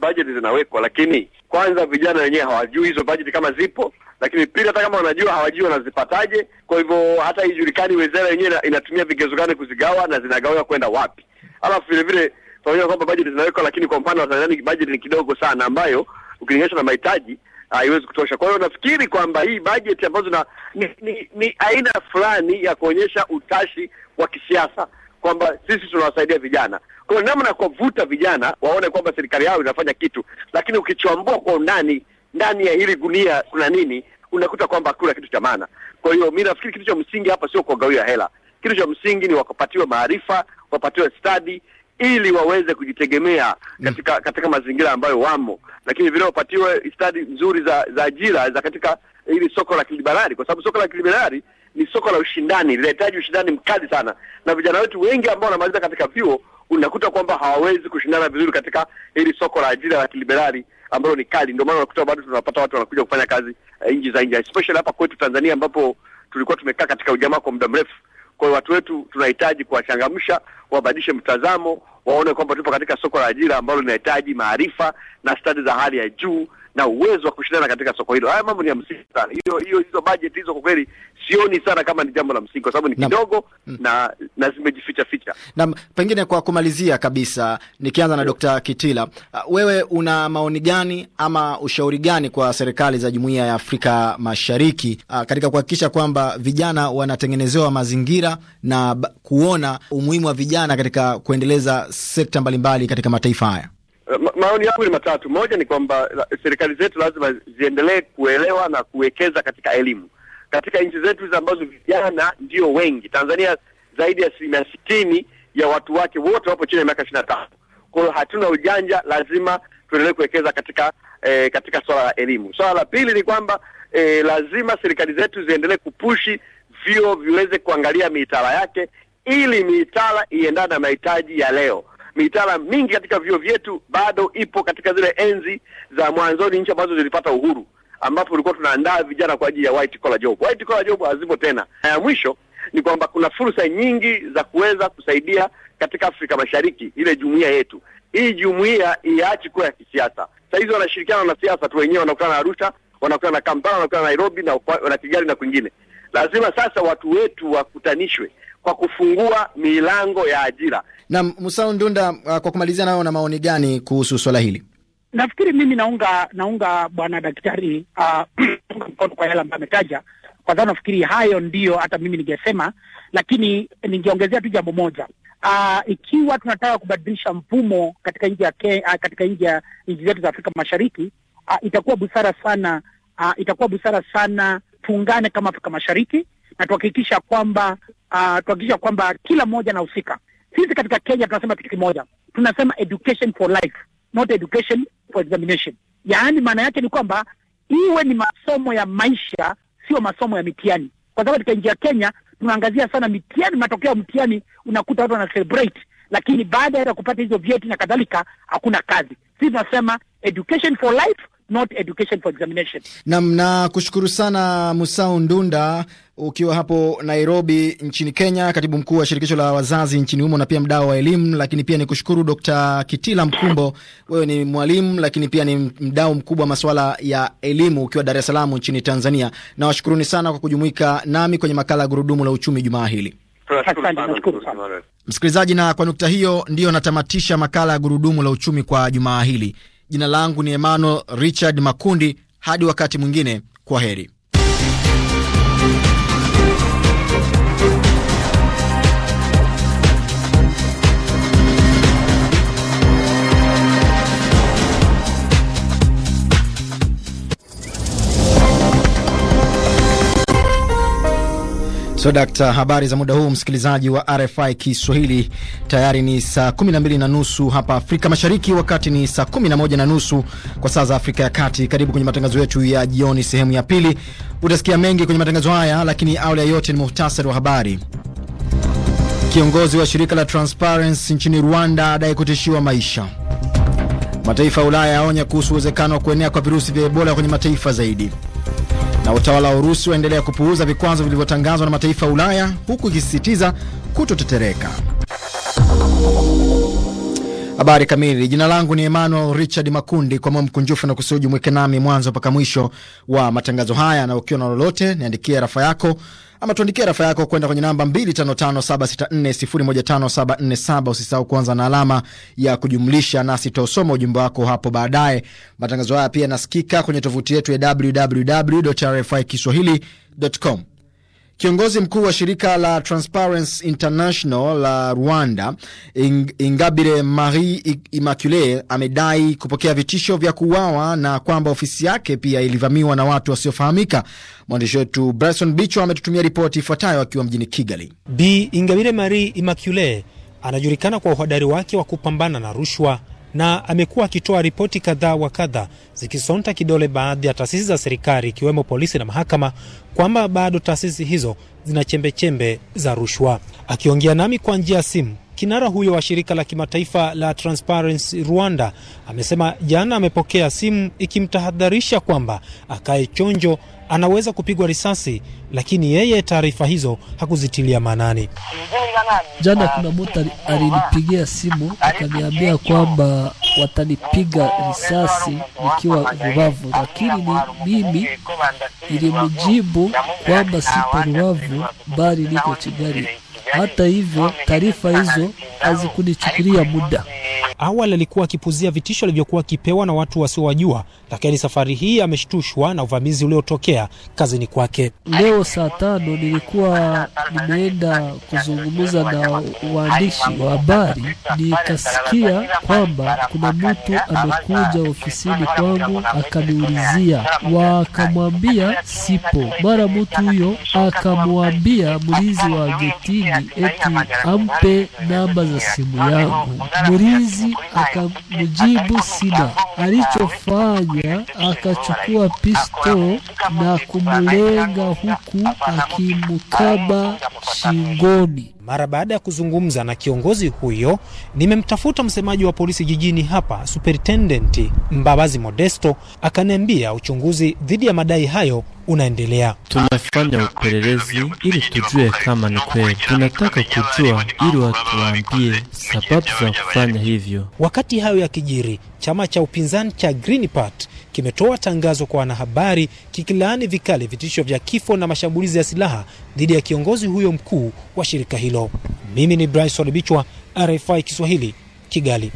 budget zinawekwa, lakini kwanza vijana wenyewe hawajui hizo bajeti kama zipo, lakini pili, hata kama wanajua hawajui wanazipataje. Kwa hivyo hata ijulikani wizara yenyewe inatumia vigezo gani kuzigawa na zinagawiwa kwenda wapi. Alafu vile vile tunaona kwamba bajeti zinawekwa, lakini kwa mfano Tanzania bajeti ni kidogo sana, ambayo ukilinganisha na mahitaji haiwezi kutosha. Kwa hiyo nafikiri kwamba hii bajeti ambazo na ni, ni, ni aina fulani ya kuonyesha utashi wa kisiasa kwamba sisi tunawasaidia vijana kwa namna ya kuwavuta vijana waone kwamba serikali yao inafanya kitu, lakini ukichambua kwa undani ndani ya hili gunia kuna nini, unakuta kwamba hakuna kitu cha maana. Kwa hiyo mi nafikiri kitu cha msingi hapa sio kuwagawia hela, kitu cha msingi ni wakapatiwe maarifa, wapatiwe stadi ili waweze kujitegemea mm. katika katika mazingira ambayo wamo, lakini vile wapatiwe stadi nzuri za za ajira za katika ili soko la kiliberali, kwa sababu soko la kiliberali ni soko la ushindani, linahitaji ushindani mkali sana, na vijana wetu wengi ambao wanamaliza katika vyuo unakuta kwamba hawawezi kushindana vizuri katika hili soko la ajira la kiliberali ambalo ni kali. Ndio maana unakuta bado tunapata watu wanakuja kufanya kazi uh, eh, nchi za nje, especially hapa kwetu Tanzania ambapo tulikuwa tumekaa katika ujamaa kwa muda mrefu. Kwa hiyo watu wetu tunahitaji kuwachangamsha, wabadilishe mtazamo, waone kwamba tupo katika soko la ajira ambalo linahitaji maarifa na stadi za hali ya juu na uwezo wa kushindana katika soko hilo. Haya mambo ni ya msingi sana, hiyo hiyo hizo bajeti hizo, kwa kweli sioni sana kama ni jambo la msingi, kwa sababu ni kidogo mm. na, na, na zimejificha ficha. Na pengine kwa kumalizia kabisa, nikianza na Dr. Kitila, uh, wewe una maoni gani ama ushauri gani kwa serikali za Jumuiya ya Afrika Mashariki uh, katika kuhakikisha kwamba vijana wanatengenezewa mazingira na kuona umuhimu wa vijana katika kuendeleza sekta mbalimbali katika mataifa haya? Eh, ma, maoni yangu ni matatu. Moja ni kwamba serikali zetu lazima ziendelee kuelewa na kuwekeza katika elimu katika nchi zetu hizi ambazo vijana ndio wengi. Tanzania zaidi ya asilimia sitini ya watu wake wote wapo chini ya miaka ishirini na tano. Kwa hiyo hatuna ujanja, lazima tuendelee kuwekeza katika eh, katika swala la elimu. Swala la pili ni kwamba eh, lazima serikali zetu ziendelee kupushi vyuo viweze kuangalia mitaala yake ili mitaala iendane na mahitaji ya leo mitaala mingi katika vyuo vyetu bado ipo katika zile enzi za mwanzoni, nchi ambazo zilipata uhuru, ambapo tulikuwa tunaandaa vijana kwa ajili ya white collar job. White collar job hazipo tena, na ya mwisho ni kwamba kuna fursa nyingi za kuweza kusaidia katika Afrika Mashariki, ile jumuiya yetu hii. Jumuiya iachi kuwa ya kisiasa. Sasa hizi wanashirikiana na siasa tu wenyewe, wanakutana na Arusha, wanakutana na Kampala, wanakutana na Nairobi na, na Kigali na kwingine. Lazima sasa watu wetu wakutanishwe kwa kufungua milango ya ajira. Na Musau Ndunda, uh, kwa kumalizia, nayo na maoni gani kuhusu swala hili? Nafikiri mimi naunga naunga bwana daktari mkono uh, kwa yale ambayo ametaja, kwa sababu nafikiri hayo ndiyo hata mimi ningesema, lakini ningeongezea tu jambo moja. Uh, ikiwa tunataka kubadilisha mfumo katika nchi ya uh, katika nchi ya nchi zetu za Afrika Mashariki uh, itakuwa busara sana uh, itakuwa busara sana tuungane kama Afrika Mashariki na tuhakikisha kwamba uh, tuhakikisha kwamba kila mmoja anahusika. Sisi katika Kenya tunasema kitu kimoja, tunasema education for life, not education for examination. Yaani maana yake ni kwamba iwe ni masomo ya maisha, sio masomo ya mitihani, kwa sababu katika nchi ya Kenya tunaangazia sana mitihani, matokeo ya mtihani, unakuta watu wana lakini baada ya kupata hizo vyeti na kadhalika hakuna kazi. Sisi tunasema education for life not education for examination. na kushukuru sana Musau Ndunda ukiwa hapo Nairobi nchini Kenya, katibu mkuu wa shirikisho la wazazi nchini humo na pia mdau wa elimu. Lakini pia ni kushukuru Dkt. Kitila Mkumbo, wewe ni mwalimu lakini pia ni mdau mkubwa wa masuala ya elimu ukiwa Dar es Salaam nchini Tanzania. Na washukuruni sana kwa kujumuika nami kwenye makala ya gurudumu la uchumi jumaa hili. Msikilizaji, na kwa nukta hiyo ndiyo natamatisha makala ya gurudumu la uchumi kwa jumaa hili. Jina langu ni Emmanuel Richard Makundi. Hadi wakati mwingine, kwa heri. So dakta, habari za muda huu msikilizaji wa RFI Kiswahili. Tayari ni saa 12 na nusu hapa Afrika Mashariki, wakati ni saa 11 na nusu kwa saa za Afrika ya Kati. Karibu kwenye matangazo yetu ya jioni, sehemu ya pili. Utasikia mengi kwenye matangazo haya, lakini awali ya yote ni muhtasari wa habari. Kiongozi wa shirika la Transparency nchini Rwanda adai kutishiwa maisha. Mataifa ya Ulaya yaonya kuhusu uwezekano wa kuenea kwa virusi vya Ebola kwenye mataifa zaidi na utawala wa Urusi waendelea kupuuza vikwazo vilivyotangazwa na mataifa ya Ulaya huku ikisisitiza kutotetereka. Habari kamili. Jina langu ni Emmanuel Richard Makundi. Kwa moyo mkunjufu na kusuju mweke nami mwanzo mpaka mwisho wa matangazo haya, na ukiwa na lolote niandikie rafa yako ama tuandikia rafa yako kwenda kwenye namba 255764015747. Usisahau kuanza na alama ya kujumlisha, nasi tutausoma ujumbe wako hapo baadaye. Matangazo haya pia yanasikika kwenye tovuti yetu ya www.rfikiswahili.com. Kiongozi mkuu wa shirika la Transparency International la Rwanda, Ingabire Marie Immaculee, amedai kupokea vitisho vya kuuawa na kwamba ofisi yake pia ilivamiwa na watu wasiofahamika. Mwandishi wetu Bryson Bicho ametutumia ripoti ifuatayo akiwa mjini Kigali. Bi Ingabire Marie Immaculee anajulikana kwa uhodari wake wa kupambana na rushwa na amekuwa akitoa ripoti kadhaa wa kadha zikisonta kidole baadhi ya taasisi za serikali ikiwemo polisi na mahakama kwamba bado taasisi hizo zina chembechembe za rushwa. Akiongea nami kwa njia ya simu, Kinara huyo wa shirika la kimataifa la Transparency Rwanda amesema jana amepokea simu ikimtahadharisha kwamba akae chonjo, anaweza kupigwa risasi, lakini yeye taarifa hizo hakuzitilia maanani. Jana kuna mtu alinipigia simu akaniambia kwamba watanipiga risasi nikiwa Rubavu, lakini ni mimi ilimjibu kwamba sipo Rubavu bali niko Kigali. Hata hivyo taarifa hizo hazikunichukulia muda Awali alikuwa akipuzia vitisho alivyokuwa akipewa na watu wasiowajua, lakini safari hii ameshtushwa na uvamizi uliotokea kazini kwake. Leo saa tano nilikuwa nimeenda kuzungumza na waandishi wa habari, nikasikia kwamba kuna mtu amekuja ofisini kwangu akaniulizia, wakamwambia sipo. Mara mtu huyo akamwambia mlinzi wa getini eti ampe namba za simu yangu mlinzi mkazi akamjibu Sida. Alichofanya akachukua pisto na kumlenga huku akimkaba shingoni. Mara baada ya kuzungumza na kiongozi huyo, nimemtafuta msemaji wa polisi jijini hapa, Superintendent Mbabazi Modesto, akaniambia uchunguzi dhidi ya madai hayo unaendelea. Tunafanya upelelezi ili tujue kama ni kweli, tunataka kujua ili watuambie sababu za kufanya hivyo. Wakati hayo ya kijiri chama cha upinzani cha Green Party kimetoa tangazo kwa wanahabari kikilaani vikali vitisho vya kifo na mashambulizi ya silaha dhidi ya kiongozi huyo mkuu wa shirika hilo. Mimi ni Bryson Bichwa, RFI Kiswahili, Kigali.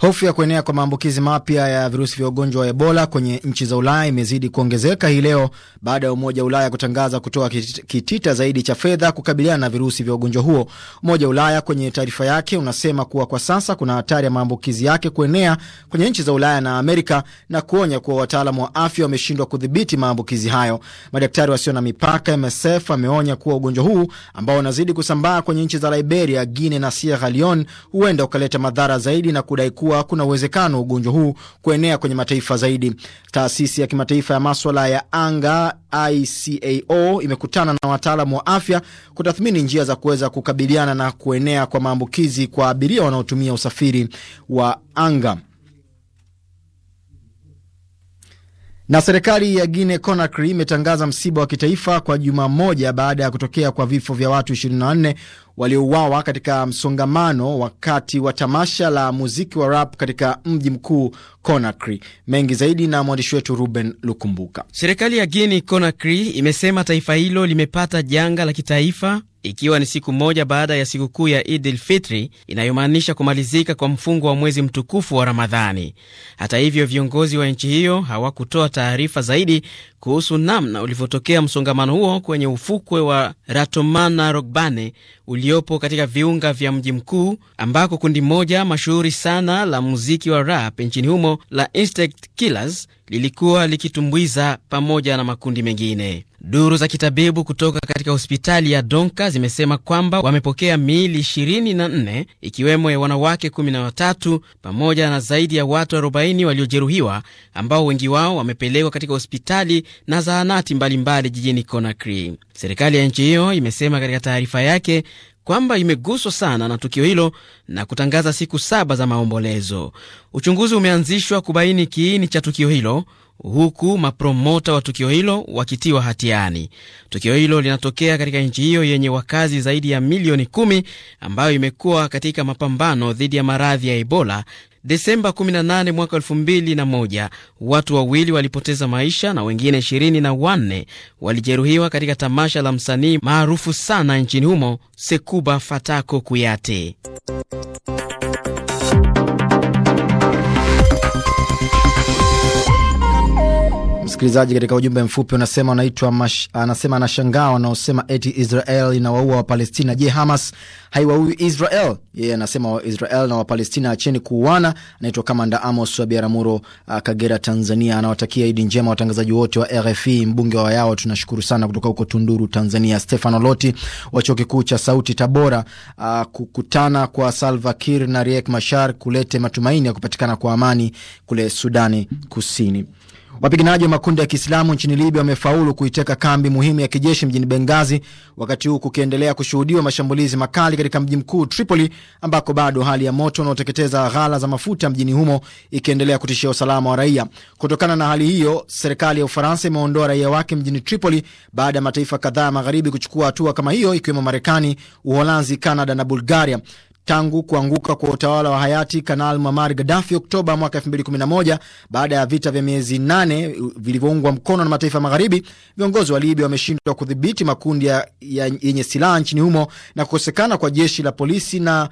Hofu ya kuenea kwa maambukizi mapya ya virusi vya ugonjwa wa Ebola kwenye nchi za Ulaya imezidi kuongezeka hii leo baada ya Umoja wa Ulaya kutangaza kutoa kitita zaidi cha fedha kukabiliana na virusi vya ugonjwa huo. Umoja wa Ulaya kwenye taarifa yake unasema kuwa kwa sasa kuna hatari ya maambukizi yake kuenea kwenye nchi za Ulaya na Amerika na kuonya kuwa wataalamu wa afya wameshindwa kudhibiti maambukizi hayo. Madaktari Wasio na Mipaka, MSF, ameonya kuwa ugonjwa huu ambao unazidi kusambaa kwenye nchi za Liberia, Guinea na Sierra Leone huenda ukaleta madhara zaidi na kudai kuwa kuwa kuna uwezekano wa ugonjwa huu kuenea kwenye mataifa zaidi. Taasisi ya kimataifa ya maswala ya anga ICAO imekutana na wataalamu wa afya kutathmini njia za kuweza kukabiliana na kuenea kwa maambukizi kwa abiria wanaotumia usafiri wa anga. Na serikali ya Guinea Conakry imetangaza msiba wa kitaifa kwa juma moja baada ya kutokea kwa vifo vya watu 24 waliouawa katika msongamano wakati wa tamasha la muziki wa rap katika mji mkuu Conakry. Mengi zaidi na mwandishi wetu Ruben Lukumbuka. Serikali ya Guinea Conakry imesema taifa hilo limepata janga la kitaifa ikiwa ni siku moja baada ya sikukuu ya Idil Fitri inayomaanisha kumalizika kwa mfungo wa mwezi mtukufu wa Ramadhani. Hata hivyo, viongozi wa nchi hiyo hawakutoa taarifa zaidi kuhusu namna ulivyotokea msongamano huo kwenye ufukwe wa Ratomana Rogbane uliopo katika viunga vya mji mkuu ambako kundi moja mashuhuri sana la muziki wa rap nchini humo la Insect Killers lilikuwa likitumbwiza pamoja na makundi mengine. Duru za kitabibu kutoka katika hospitali ya Donka zimesema kwamba wamepokea miili 24 ikiwemo ya wanawake 13 pamoja na zaidi ya watu 40 waliojeruhiwa ambao wengi wao wamepelekwa katika hospitali na zahanati mbalimbali jijini Conakry. Serikali ya nchi hiyo imesema katika taarifa yake kwamba imeguswa sana na tukio hilo na kutangaza siku saba za maombolezo. Uchunguzi umeanzishwa kubaini kiini cha tukio hilo huku mapromota wa tukio hilo wakitiwa hatiani. Tukio hilo linatokea katika nchi hiyo yenye wakazi zaidi ya milioni kumi ambayo imekuwa katika mapambano dhidi ya maradhi ya Ebola. Desemba 18 mwaka 2001 watu wawili walipoteza maisha na wengine 24 na walijeruhiwa katika tamasha la msanii maarufu sana nchini humo Sekuba Fatako Kuyate. msikilizaji katika ujumbe mfupi unasema anaitwa anasema anashangaa wanaosema eti Israel inawaua Wapalestina. Je, Hamas haiwaui Israel? Yeye yeah, anasema Israel na Wapalestina acheni kuuana. Anaitwa Kamanda Amos wa Biaramuro, uh, Kagera, Tanzania. Anawatakia Idi njema watangazaji wote wa RFI. Mbunge wa Yao, tunashukuru sana, kutoka huko Tunduru, Tanzania. Stefano Loti wa chuo kikuu cha Sauti Tabora, uh, kukutana kwa Salva Kiir na Riek Mashar kulete matumaini ya kupatikana kwa amani kule Sudani Kusini. Wapiganaji wa makundi ya Kiislamu nchini Libya wamefaulu kuiteka kambi muhimu ya kijeshi mjini Bengazi, wakati huu kukiendelea kushuhudiwa mashambulizi makali katika mji mkuu Tripoli, ambako bado hali ya moto unaoteketeza ghala za mafuta mjini humo ikiendelea kutishia usalama wa raia. Kutokana na hali hiyo, serikali ya Ufaransa imeondoa raia wake mjini Tripoli baada ya mataifa kadhaa ya magharibi kuchukua hatua kama hiyo, ikiwemo Marekani, Uholanzi, Kanada na Bulgaria tangu kuanguka kwa utawala wa hayati Kanal Muammar Gaddafi Oktoba mwaka 2011 baada ya vita vya miezi nane vilivyoungwa mkono na mataifa magharibi, viongozi wa Libya wameshindwa kudhibiti makundi yenye silaha nchini humo na kukosekana kwa jeshi la polisi na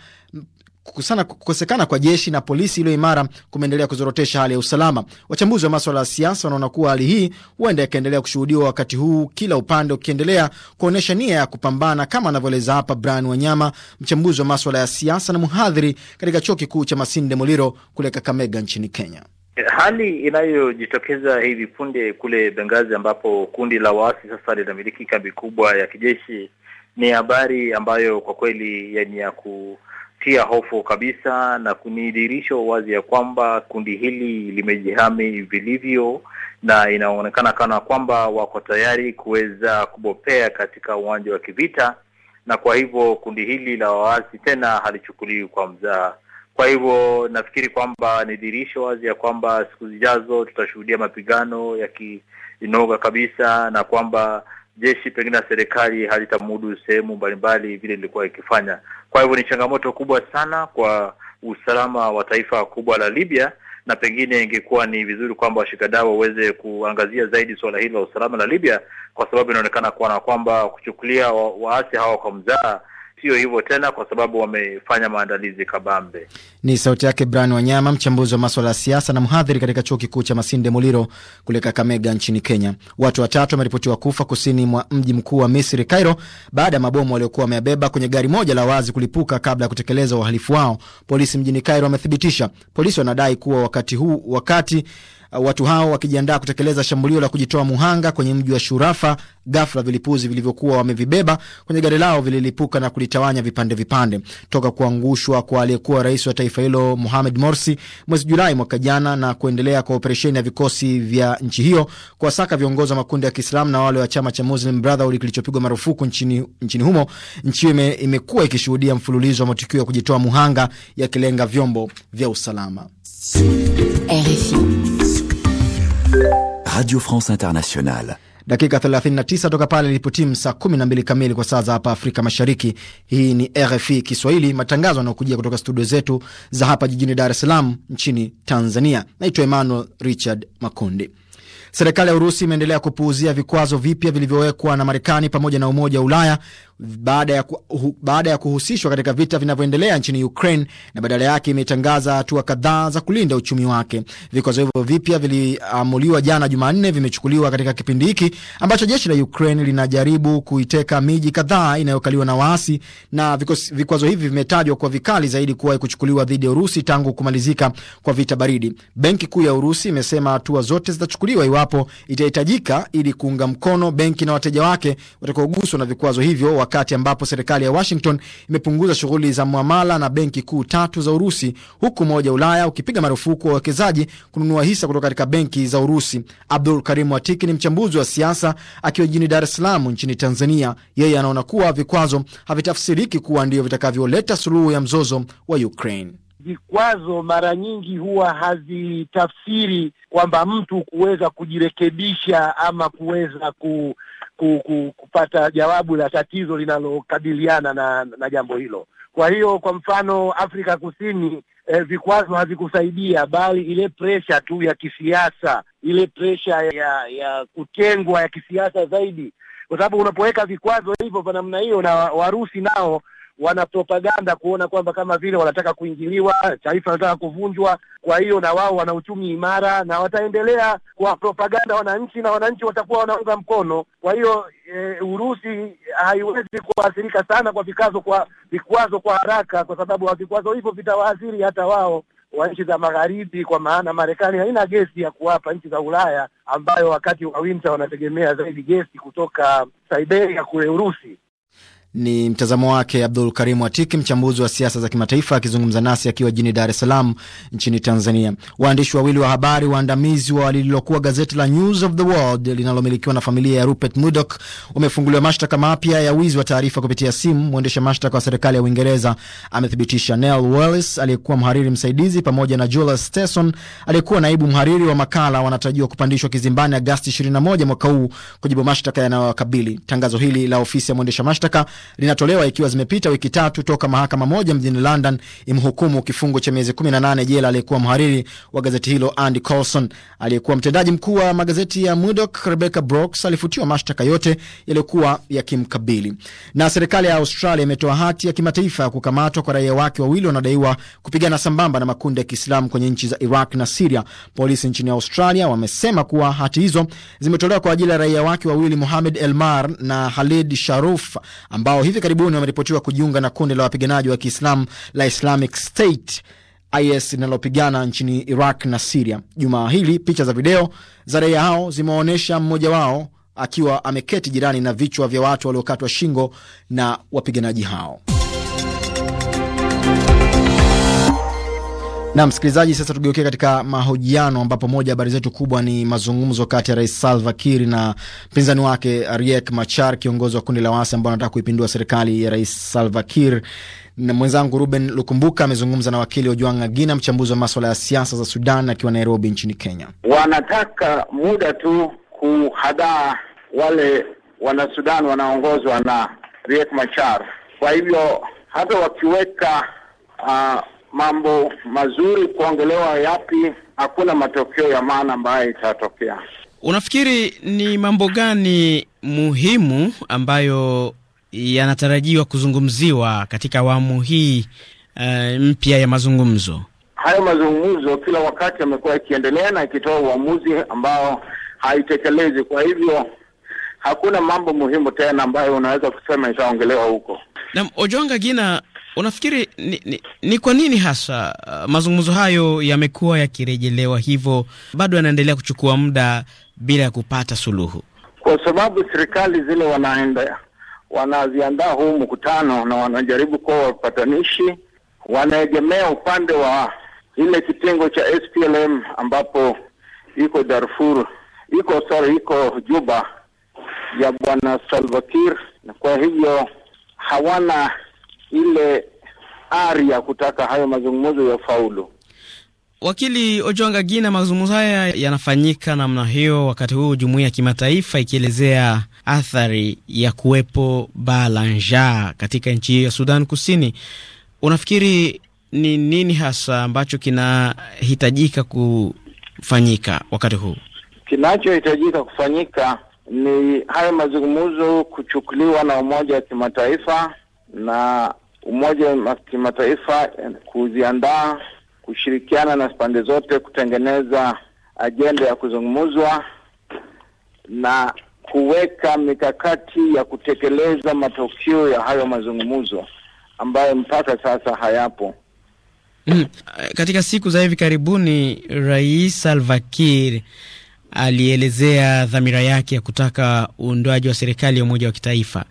kukusana kukosekana kwa jeshi na polisi iliyo imara kumeendelea kuzorotesha hali ya usalama. Wachambuzi wa maswala ya siasa wanaona kuwa hali hii huenda ikaendelea kushuhudiwa wakati huu kila upande ukiendelea kuonyesha nia ya kupambana, kama anavyoeleza hapa Brian Wanyama, mchambuzi wa maswala ya siasa na mhadhiri katika chuo kikuu cha Masinde Muliro kule Kakamega nchini Kenya. Hali inayojitokeza hivi punde kule Bengazi, ambapo kundi la waasi sasa linamiliki kambi kubwa ya kijeshi, ni habari ambayo kwa kweli yani ya ku kutia hofu kabisa na kunidhihirisha wazi ya kwamba kundi hili limejihami vilivyo na inaonekana kana kwamba wako tayari kuweza kubopea katika uwanja wa kivita, na kwa hivyo kundi hili la waasi tena halichukuliwi kwa mzaa Kwa hivyo nafikiri kwamba ni wazi ya kwamba siku zijazo tutashuhudia mapigano yakinoga kabisa, na kwamba jeshi pengine na serikali halitamudu sehemu mbalimbali vile ilikuwa ikifanya. Kwa hivyo ni changamoto kubwa sana kwa usalama wa taifa kubwa la Libya, na pengine ingekuwa ni vizuri kwamba washikadau waweze kuangazia zaidi suala hili la usalama la Libya, kwa sababu inaonekana kuwa kwamba kuchukulia waasi hawa kwa mzaa Sio hivyo tena, kwa sababu wamefanya maandalizi kabambe. Ni sauti yake Brian Wanyama, mchambuzi wa maswala ya siasa na mhadhiri katika chuo kikuu cha Masinde Muliro kule Kakamega nchini Kenya. Watu watatu wameripotiwa kufa kusini mwa mji mkuu wa Misri, Cairo, baada ya mabomu waliokuwa wameyabeba kwenye gari moja la wazi kulipuka kabla ya kutekeleza uhalifu wao, polisi mjini Cairo wamethibitisha. Polisi wanadai kuwa wakati huu wakati Uh, watu hao wakijiandaa kutekeleza shambulio la kujitoa muhanga kwenye mji wa Shurafa, ghafla vilipuzi vilivyokuwa wamevibeba kwenye gari lao vililipuka na kulitawanya vipande vipande. Toka kuangushwa kwa aliyekuwa rais wa taifa hilo Mohamed Morsi mwezi Julai mwaka jana na kuendelea kwa operesheni ya vikosi vya nchi hiyo kuwasaka viongozi wa makundi ya Kiislamu na wale wa chama cha Muslim Brotherhood kilichopigwa marufuku nchini, nchini humo, nchi hiyo imekuwa ikishuhudia mfululizo wa matukio ya kujitoa muhanga yakilenga vyombo vya usalama RFI. Radio France Internationale. Dakika 39 toka pale lipotimu saa 12 kamili kwa saa za hapa Afrika Mashariki. Hii ni RFI Kiswahili, matangazo yanayokujia kutoka studio zetu za hapa jijini Dar es Salaam nchini Tanzania. Naitwa Emmanuel Richard Makundi. Serikali ya Urusi imeendelea kupuuzia vikwazo vipya vilivyowekwa na Marekani pamoja na Umoja wa Ulaya baada ya, ku, baada ya kuhusishwa katika vita vinavyoendelea nchini Ukraine na badala yake imetangaza hatua kadhaa za kulinda uchumi wake. Vikwazo hivyo vipya viliamuliwa jana Jumanne, vimechukuliwa katika kipindi hiki ambacho jeshi la Ukraine linajaribu kuiteka miji kadhaa inayokaliwa na waasi, na vikwazo hivi vimetajwa kwa vikali zaidi kuwahi kuchukuliwa dhidi ya Urusi tangu kumalizika kwa vita baridi. Benki Kuu ya Urusi imesema hatua zote zitachukuliwa iwapo itahitajika ili kuunga mkono benki na wateja wake watakaoguswa na vikwazo hivyo wa wakati ambapo serikali ya Washington imepunguza shughuli za mwamala na benki kuu tatu za Urusi, huku Umoja wa Ulaya ukipiga marufuku wa wawekezaji kununua hisa kutoka katika benki za Urusi. Abdul Karimu Atiki ni mchambuzi wa siasa akiwa jijini Dar es Salaam nchini Tanzania. Yeye anaona kuwa vikwazo havitafsiriki kuwa ndio vitakavyoleta suluhu ya mzozo wa Ukraine. Vikwazo mara nyingi huwa hazitafsiri kwamba mtu kuweza kujirekebisha ama kuweza ku kupata jawabu la tatizo linalokabiliana na, na jambo hilo. Kwa hiyo kwa mfano Afrika Kusini eh, vikwazo havikusaidia, bali ile presha tu ya kisiasa, ile presha ya ya kutengwa ya kisiasa zaidi, kwa sababu unapoweka vikwazo hivyo kwa namna hiyo, na Warusi nao wana propaganda kuona kwamba kama vile wanataka kuingiliwa, taifa wanataka kuvunjwa. Kwa hiyo na wao wana uchumi imara na wataendelea kwa propaganda wananchi, na wananchi watakuwa wanaunga mkono. Kwa hiyo e, Urusi haiwezi kuathirika sana kwa vikazo kwa vikwazo kwa haraka, kwa sababu vikwazo hivyo vitawaathiri hata wao wa nchi za magharibi, kwa maana Marekani haina gesi ya kuwapa nchi za Ulaya, ambayo wakati wa winter wanategemea zaidi gesi kutoka Siberia kule Urusi. Ni mtazamo wake Abdul Karimu Atiki, mchambuzi wa siasa za kimataifa, akizungumza nasi akiwa jijini Dar es Salaam nchini Tanzania. Waandishi wawili wa habari waandamizi wa lililokuwa gazeti la News of the World linalomilikiwa na familia ya Rupert Murdoch wamefunguliwa mashtaka mapya ya wizi wa taarifa kupitia simu. Mwendesha mashtaka wa serikali ya Uingereza amethibitisha Neil wellis aliyekuwa mhariri msaidizi pamoja na Julius Stetson aliyekuwa naibu mhariri wa makala wanatarajiwa kupandishwa kizimbani Agasti 21 mwaka huu kujibu mashtaka yanayowakabili. Tangazo hili la ofisi ya mwendesha mashtaka linatolewa ikiwa zimepita wiki tatu toka mahakama moja mjini London imhukumu kifungo cha miezi 18 jela aliyekuwa mhariri wa gazeti hilo Andy Coulson. Aliyekuwa mtendaji mkuu wa magazeti ya Murdoch Rebecca Brooks alifutiwa mashtaka yote yaliyokuwa yakimkabili. Na serikali ya Australia imetoa hati ya kimataifa ya kukamatwa kwa raia wake wawili wanaodaiwa kupigana sambamba na makundi ya Kiislamu kwenye nchi za Iraq na Siria. Polisi nchini Australia wamesema kuwa hati hizo zimetolewa kwa ajili ya raia wake wawili Muhamed Elmar na Khalid Sharuf ambao hivi karibuni wameripotiwa kujiunga na kundi la wapiganaji wa Kiislamu la Islamic State IS linalopigana nchini Iraq na Siria. Jumaa hili picha za video za raia hao zimeonyesha mmoja wao akiwa ameketi jirani na vichwa vya watu waliokatwa shingo na wapiganaji hao. Na msikilizaji, sasa tugeukie katika mahojiano, ambapo moja habari zetu kubwa ni mazungumzo kati ya Rais Salva Kiir na mpinzani wake Riek Machar, kiongozi wa kundi la waasi ambao anataka kuipindua serikali ya Rais Salva Kiir. Na mwenzangu Ruben Lukumbuka amezungumza na wakili Ojwang' Agina, mchambuzi wa maswala ya siasa za Sudan, akiwa Nairobi nchini Kenya. Wanataka muda tu kuhadaa wale Wanasudan wanaongozwa na Riek Machar. Kwa hivyo hata wakiweka uh, mambo mazuri kuongelewa yapi, hakuna matokeo ya maana ambayo itatokea. Unafikiri ni mambo gani muhimu ambayo yanatarajiwa kuzungumziwa katika awamu hii uh, mpya ya mazungumzo? Hayo mazungumzo kila wakati yamekuwa ikiendelea na ikitoa uamuzi ambao haitekelezi. Kwa hivyo hakuna mambo muhimu tena ambayo unaweza kusema itaongelewa huko. Na Ojonga Gina, Unafikiri ni, ni, ni kwa nini hasa uh, mazungumzo hayo yamekuwa yakirejelewa hivyo, bado yanaendelea kuchukua muda bila ya kupata suluhu? Kwa sababu serikali zile wanaenda wanaziandaa huu mkutano na wanajaribu kuwa wapatanishi, wanaegemea upande wa ile kitengo cha SPLM ambapo iko Darfur, iko sorry, iko Juba ya bwana Salva Kiir, na kwa hivyo hawana ile ari ya kutaka hayo mazungumzo ya faulu. Wakili Ojonga Gina, mazungumzo haya yanafanyika namna hiyo wakati huu jumuiya ya kimataifa ikielezea athari ya kuwepo baa la njaa katika nchi hiyo ya Sudan Kusini. Unafikiri ni nini hasa ambacho kinahitajika kufanyika wakati huu? Kinachohitajika kufanyika ni hayo mazungumzo kuchukuliwa na Umoja wa Kimataifa na Umoja wa Kimataifa eh, kuziandaa kushirikiana na pande zote kutengeneza ajenda ya kuzungumzwa na kuweka mikakati ya kutekeleza matokeo ya hayo mazungumzo ambayo mpaka sasa hayapo. Mm. Katika siku za hivi karibuni, Rais Salva Kiir alielezea dhamira yake ya kutaka uundwaji wa serikali ya umoja wa kitaifa.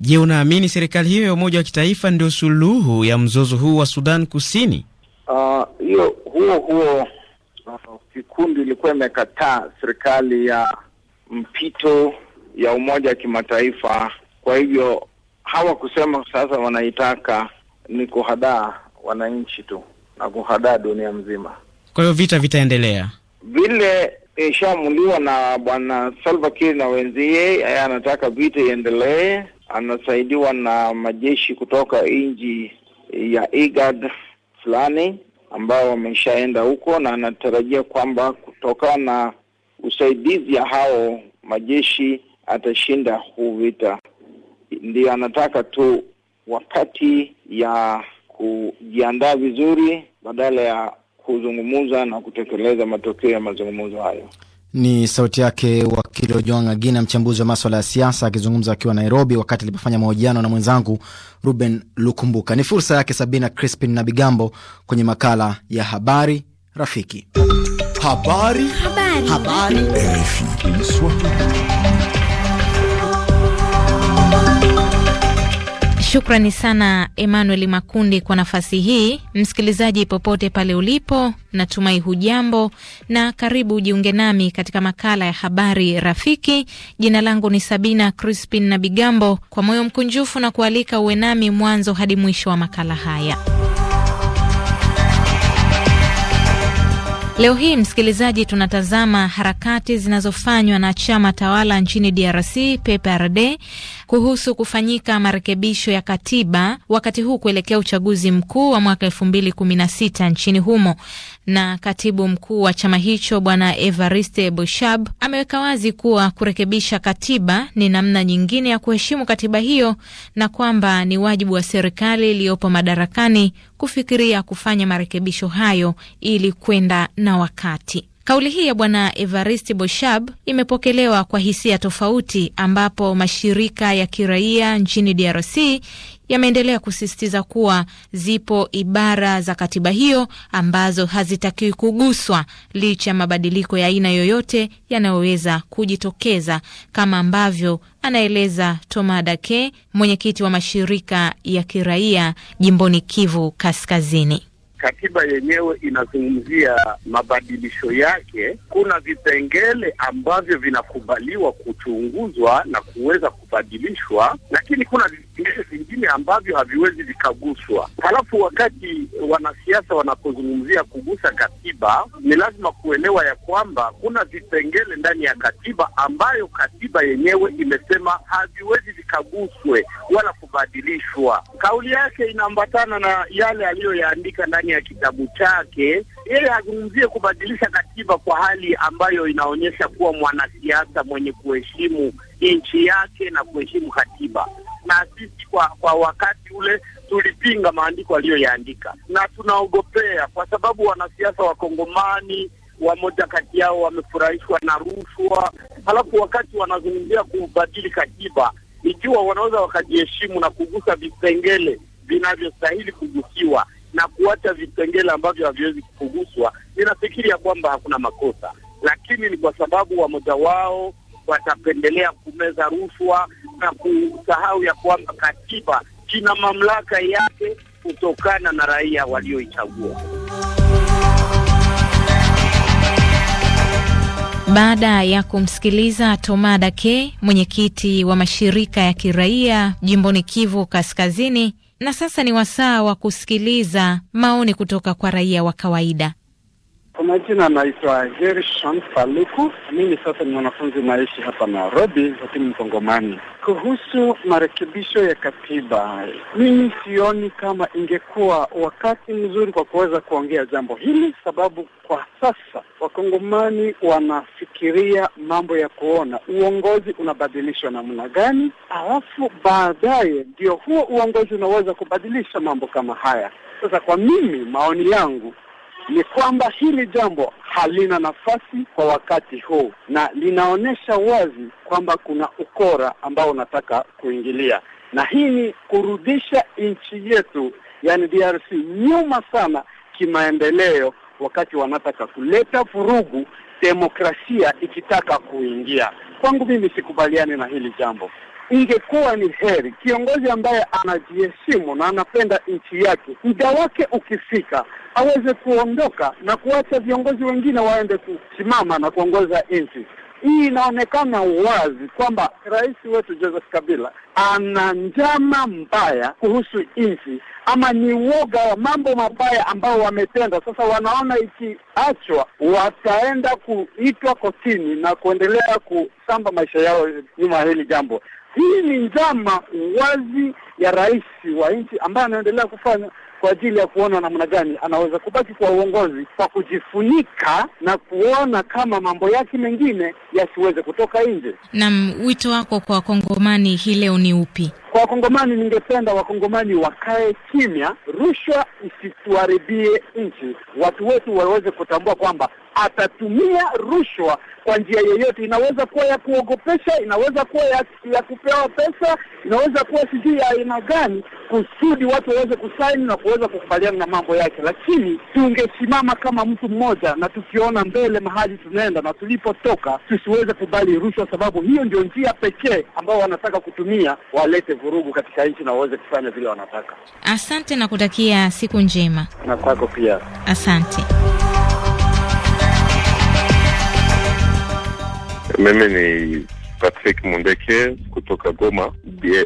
Je, unaamini serikali hiyo ya umoja wa kitaifa ndio suluhu ya mzozo huu wa Sudan Kusini? Ah, hiyo uh, huo huo ah, kikundi uh, ilikuwa imekataa serikali ya mpito ya umoja wa kimataifa, kwa hivyo hawakusema sasa wanaitaka ni kuhadaa wananchi tu na kuhadaa dunia mzima. Kwa hiyo vita vitaendelea vile ishamuliwa na bwana Salva Kiir na wenzie, yeye anataka vita iendelee anasaidiwa na majeshi kutoka nchi ya IGAD fulani ambao wameshaenda huko, na anatarajia kwamba kutokana na usaidizi ya hao majeshi atashinda huu vita. Ndio anataka tu wakati ya kujiandaa vizuri badala ya kuzungumza na kutekeleza matokeo ya mazungumzo hayo. Ni sauti yake wakili Ojwang Agina, mchambuzi wa maswala ya siasa, akizungumza akiwa Nairobi wakati alipofanya mahojiano na mwenzangu Ruben Lukumbuka. Ni fursa yake Sabina Crispin na Bigambo kwenye makala ya habari rafiki. Habari, habari. Habari. Habari. Shukrani sana Emmanuel Makundi kwa nafasi hii. Msikilizaji popote pale ulipo, natumai hujambo na karibu ujiunge nami katika makala ya habari rafiki. Jina langu ni Sabina Crispin na Bigambo, kwa moyo mkunjufu na kualika uwe nami mwanzo hadi mwisho wa makala haya. Leo hii msikilizaji, tunatazama harakati zinazofanywa na chama tawala nchini DRC PPRD kuhusu kufanyika marekebisho ya katiba wakati huu kuelekea uchaguzi mkuu wa mwaka elfu mbili kumi na sita nchini humo. Na katibu mkuu wa chama hicho Bwana Evariste Boshab ameweka wazi kuwa kurekebisha katiba ni namna nyingine ya kuheshimu katiba hiyo na kwamba ni wajibu wa serikali iliyopo madarakani kufikiria kufanya marekebisho hayo ili kwenda na wakati. Kauli hii ya Bwana Evarist Boshab imepokelewa kwa hisia tofauti, ambapo mashirika ya kiraia nchini DRC yameendelea kusisitiza kuwa zipo ibara za katiba hiyo ambazo hazitakiwi kuguswa licha ya mabadiliko ya aina yoyote yanayoweza kujitokeza, kama ambavyo anaeleza Toma Dake, mwenyekiti wa mashirika ya kiraia jimboni Kivu Kaskazini katiba yenyewe inazungumzia mabadilisho yake, kuna vipengele ambavyo vinakubaliwa kuchunguzwa na kuweza kubadilishwa, lakini kuna vipengele vingine ambavyo haviwezi vikaguswa. Halafu wakati wanasiasa wanapozungumzia kugusa katiba, ni lazima kuelewa ya kwamba kuna vipengele ndani ya katiba ambayo katiba yenyewe imesema haviwezi vikaguswe wala kubadilishwa. Kauli yake inaambatana na yale aliyoyaandika ndani ya kitabu chake. Yeye hazungumzie kubadilisha katiba kwa hali ambayo inaonyesha kuwa mwanasiasa mwenye kuheshimu nchi yake na kuheshimu katiba na sisi kwa, kwa wakati ule tulipinga maandiko aliyoyaandika, na tunaogopea kwa sababu wanasiasa wakongomani wamoja kati yao wamefurahishwa na rushwa, halafu wakati wanazungumzia kubadili katiba, ikiwa wanaweza wakajiheshimu na kugusa vipengele vinavyostahili kugusiwa na kuacha vipengele ambavyo haviwezi kuguswa, ninafikiri ya kwamba hakuna makosa, lakini ni kwa sababu wamoja wao watapendelea kumeza rushwa na kusahau ya kwamba katiba kina mamlaka yake kutokana na raia walioichagua. Baada ya kumsikiliza Toma Dake, mwenyekiti wa mashirika ya kiraia jimboni Kivu Kaskazini, na sasa ni wasaa wa kusikiliza maoni kutoka kwa raia wa kawaida. Kwa majina naitwa Gershon Faluku. Mimi sasa ni mwanafunzi naishi hapa Nairobi, lakini Mkongomani. Kuhusu marekebisho ya katiba, mimi sioni kama ingekuwa wakati mzuri kwa kuweza kuongea jambo hili, sababu kwa sasa Wakongomani wanafikiria mambo ya kuona uongozi unabadilishwa namna gani, alafu baadaye ndio huo uongozi unaweza kubadilisha mambo kama haya. Sasa kwa mimi, maoni yangu ni kwamba hili jambo halina nafasi kwa wakati huu na linaonyesha wazi kwamba kuna ukora ambao unataka kuingilia, na hii ni kurudisha nchi yetu, yani DRC, nyuma sana kimaendeleo, wakati wanataka kuleta vurugu, demokrasia ikitaka kuingia. Kwangu mimi sikubaliani na hili jambo ingekuwa ni heri kiongozi ambaye anajiheshimu na anapenda nchi yake, muda wake ukifika aweze kuondoka na kuacha viongozi wengine waende kusimama na kuongoza nchi. Hii inaonekana wazi kwamba rais wetu Joseph Kabila ana njama mbaya kuhusu nchi, ama ni uoga wa mambo mabaya ambayo wametenda. Sasa wanaona ikiachwa, wataenda kuitwa kotini na kuendelea kusamba maisha yao nyuma ya hili jambo. Hii ni njama wazi ya rais wa nchi ambaye anaendelea kufanya kwa ajili ya kuona namna gani anaweza kubaki kwa uongozi kwa kujifunika na kuona kama mambo yake mengine yasiweze kutoka nje. Naam, wito wako kwa wakongomani hii leo ni upi? Kwa Wakongomani, ningependa Wakongomani wakae kimya, rushwa isituharibie nchi. Watu wetu waweze kutambua kwamba atatumia rushwa kwa njia yoyote. Inaweza kuwa ya kuogopesha, inaweza kuwa ya, ya kupewa pesa, inaweza kuwa sijui ya aina gani, kusudi watu waweze kusaini na kuweza kukubaliana na mambo yake. Lakini tungesimama kama mtu mmoja na tukiona mbele mahali tunaenda na tulipotoka, tusiweze kubali rushwa, sababu hiyo ndio njia pekee ambayo wanataka kutumia walete vu vurugu katika nchi na waweze kufanya vile wanataka. Asante na kutakia siku njema. Na kwako pia, asante. Mimi ni Patrick Mundeke kutoka Goma,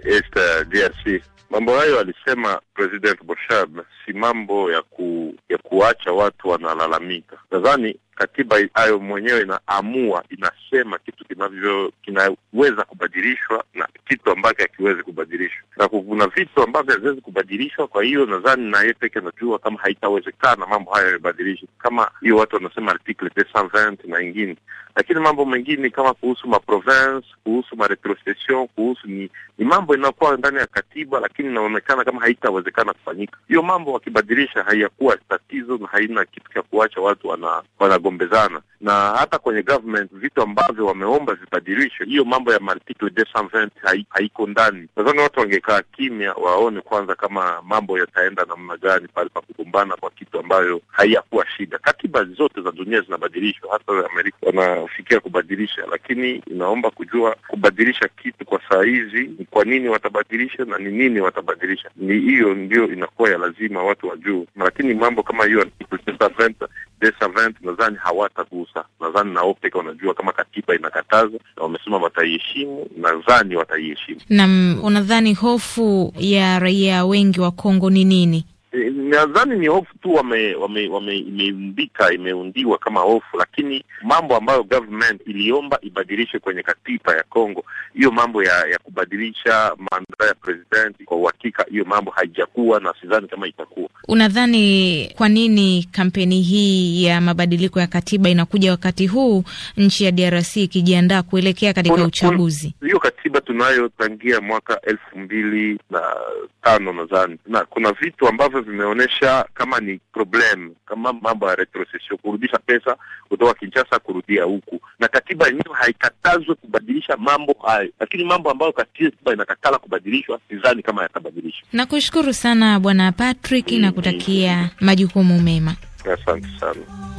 Est DRC. Mambo hayo alisema President Boshab si mambo ya ku, ya kuacha watu wanalalamika. Nadhani katiba hayo mwenyewe inaamua, inasema kitu kinavyo kinaweza kubadilishwa na kitu ambacho hakiwezi kubadilishwa, na kuna vitu ambavyo haviwezi kubadilishwa. Kwa hiyo nadhani na yeye peke anajua kama haitawezekana mambo hayo yabadilishwe, kama hiyo watu wanasema article na ingine lakini mambo mengine kama kuhusu maprovence, kuhusu maretrocession, kuhusu ni, ni mambo inayokuwa ndani ya katiba, lakini inaonekana kama haitawezekana kufanyika. Hiyo mambo wakibadilisha haiyakuwa tatizo na haina kitu cha kuacha watu wana, wanagombezana na hata kwenye government vitu ambavyo wameomba vibadilishwe, hiyo mambo ya article 220 haiko ndani. Nadhani watu wangekaa kimya waone kwanza kama mambo yataenda namna gani pale pa kugombana kwa kitu ambayo haiyakuwa shida. Katiba zote za dunia zinabadilishwa, hata Amerika wanaofikia kubadilisha, lakini inaomba kujua kubadilisha kitu kwa saa hizi ni kwa nini watabadilisha na ni nini watabadilisha. Ni hiyo ndio inakuwa ya lazima watu wajuu, lakini mambo kama hiyo nadhani hawatagusa. Nadhani na OPEC wanajua kama katiba inakataza na wamesema wataiheshimu, nadhani wataiheshimu. Naam, unadhani hofu ya raia wengi wa Kongo ni nini? nadhani ni hofu tu wame, wame, wame, imeundiwa kama hofu, lakini mambo ambayo government iliomba ibadilishe kwenye katiba ya Kongo, hiyo mambo ya, ya kubadilisha maandara ya president, kwa uhakika hiyo mambo haijakuwa na sidhani kama itakuwa. Unadhani kwa nini kampeni hii ya mabadiliko ya katiba inakuja wakati huu nchi ya DRC ikijiandaa kuelekea katika uchaguzi? Hiyo katiba tunayo tangia mwaka elfu mbili na tano nadhani, na kuna vitu ambavyo vimeonyesha kama ni problem, kama mambo ya retrocession, kurudisha pesa kutoka kinchasa kurudia huku, na katiba yenyewe haikatazwe kubadilisha mambo hayo, lakini mambo ambayo katiba inakatala kubadilishwa sidhani kama yatabadilishwa. Nakushukuru sana Bwana Patrick mm -hmm. na kutakia majukumu mema, asante sana.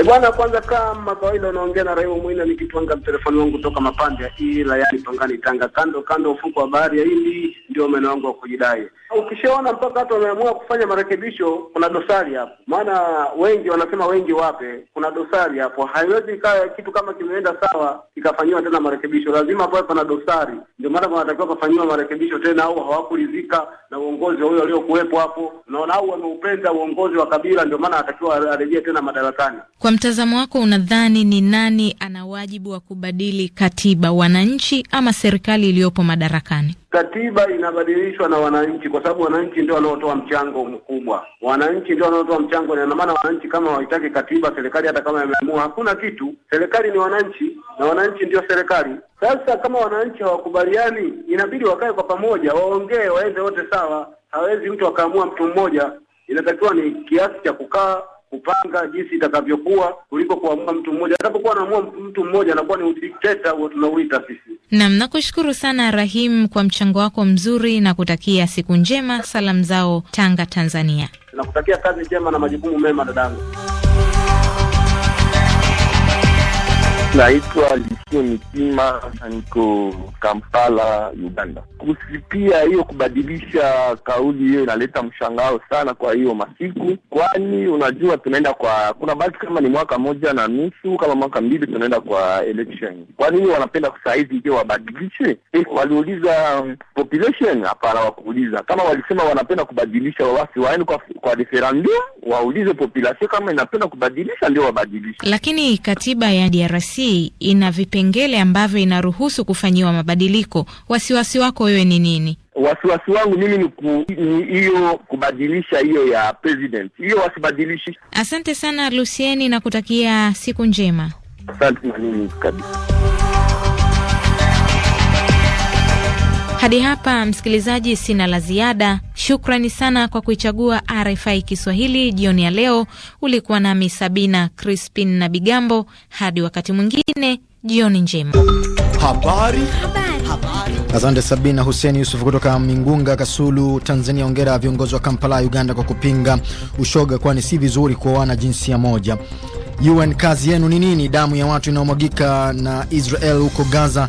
E bwana, kwanza kama kawaida unaongea na Raio Mwina nikitwanga mtelefoni wangu toka mapande ya ila yani Tongani Tanga, kando kando ufuko wa bahari ya Hindi, ndio maeneo wangu wa kujidai. Ukishaona mpaka watu wameamua kufanya marekebisho, kuna dosari hapo. Maana wengi wanasema wengi wape, kuna dosari hapo. Haiwezi ikawa kitu kama kimeenda sawa kikafanyiwa tena marekebisho, lazima pawe pana dosari. Ndio maana wanatakiwa pafanyiwa marekebisho tena, au hawakuridhika na uongozi huyo aliokuwepo hapo, naona au wameupenda uongozi wa Kabila, ndio maana anatakiwa arejee tena madarakani. Kwa mtazamo wako, unadhani ni nani ana wajibu wa kubadili katiba, wananchi ama serikali iliyopo madarakani? Katiba inabadilishwa na wananchi, kwa sababu wananchi ndio wanaotoa mchango mkubwa. Wananchi ndio wanaotoa mchango, na maana wananchi kama wahitaki katiba, serikali hata kama imeamua hakuna kitu. Serikali ni wananchi na wananchi ndio serikali. Sasa kama wananchi hawakubaliani, inabidi wakae kwa pamoja, waongee, waende wote sawa. Hawezi mtu akaamua mtu mmoja, inatakiwa ni kiasi cha kukaa kupanga jinsi itakavyokuwa kuliko kuamua mtu mmoja. Atakapokuwa anaamua mtu mmoja anakuwa ni udikteta, huo tunauita sisi. Naam, nakushukuru sana Rahim kwa mchango wako mzuri na kutakia siku njema. Salamu zao Tanga, Tanzania. Nakutakia kazi njema na majukumu mema dadangu. Naitwa Lisio Mitima, niko Kampala, Uganda. Kusipia hiyo kubadilisha kauli hiyo inaleta mshangao sana kwa hiyo masiku, kwani unajua tunaenda kwa kuna baki kama ni mwaka moja na nusu kama mwaka mbili tunaenda kwa election. Kwa nini wanapenda kusaidi ndio wabadilishe? E, waliuliza um, population? Hapana, wakuuliza kama walisema wanapenda kubadilisha, wawasi waende kwa, kwa referendum waulize population kama inapenda kubadilisha, ndio wabadilishe. Lakini katiba ya DRC ina vipengele ambavyo inaruhusu kufanyiwa mabadiliko. Wasiwasi wako wewe ni nini? Wasiwasi wangu mimi ni hiyo kubadilisha hiyo ya president, hiyo wasibadilishi. Asante sana Lusieni na kutakia siku njema. Asante na mimi kabisa. Hadi hapa msikilizaji, sina la ziada. Shukrani sana kwa kuichagua RFI Kiswahili jioni ya leo. Ulikuwa nami Sabina Crispin na Bigambo. Hadi wakati mwingine, jioni njema. Habari, habari, habari. Asante Sabina Hussein Yusuf kutoka Mingunga, Kasulu, Tanzania. Ongera viongozi wa Kampala, Uganda kwa kupinga ushoga, kwani si vizuri kuoana jinsia moja. UN, kazi yenu ni nini? Damu ya watu inayomwagika na Israel huko Gaza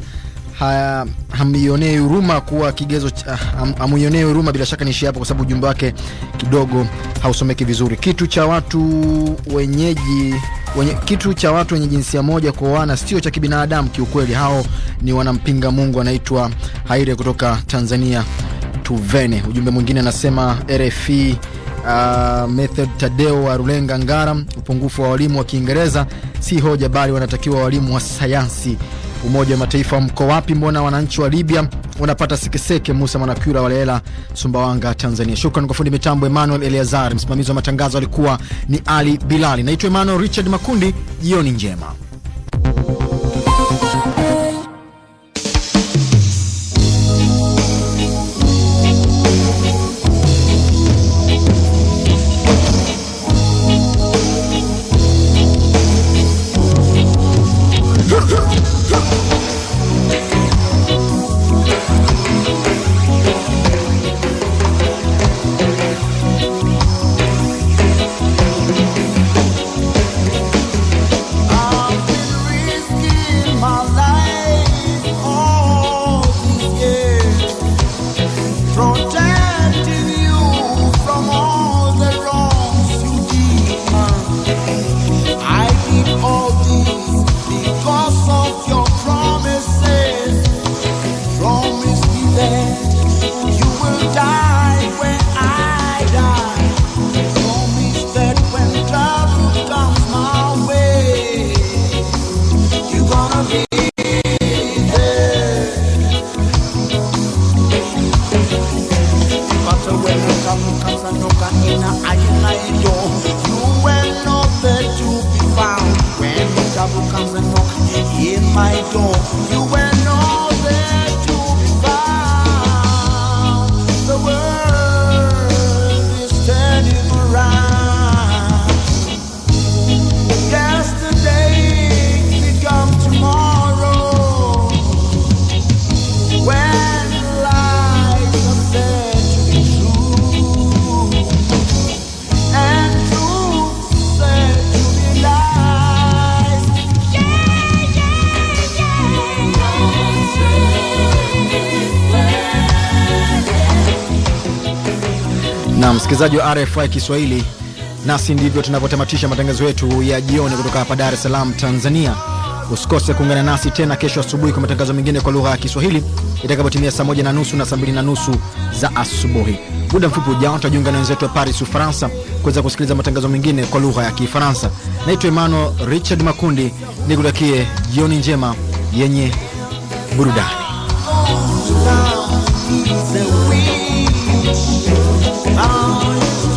hamionee huruma kuwa kigezo, ah, hamionee huruma bila shaka niishi hapo, kwa sababu ujumbe wake kidogo hausomeki vizuri. Kitu cha watu wenyeji wenye, kitu cha watu wenye jinsia moja kuoana sio cha kibinadamu kiukweli. Hao ni wanampinga Mungu. Anaitwa Haire kutoka Tanzania, Tuvene. Ujumbe mwingine anasema RFI Uh, e, ah, Method Tadeo wa Rulenga Ngara, upungufu wa walimu wa Kiingereza si hoja, bali wanatakiwa walimu wa sayansi Umoja wa Mataifa mko wapi? Mbona wananchi wa Libya wanapata sekeseke? Musa Mwanakura Walela, Sumbawanga, Tanzania. Shukran kwa fundi mitambo Emmanuel eleazar msimamizi wa matangazo alikuwa ni Ali Bilali. Naitwa Emmanuel Richard Makundi, jioni njema. ton Msikilizaji wa RFI Kiswahili, nasi ndivyo tunavyotamatisha matangazo yetu ya jioni kutoka hapa Dar es Salaam, Tanzania. Usikose kuungana nasi tena kesho asubuhi kwa matangazo mengine kwa lugha ya Kiswahili itakapotimia saa moja na nusu na saa mbili na nusu za asubuhi. Muda mfupi ujao tutajiunga na wenzetu wa Paris, Ufaransa, kuweza kusikiliza matangazo mengine kwa lugha ya Kifaransa. Naitwa Emmanuel Richard Makundi, nikutakie jioni njema yenye burudani. Oh,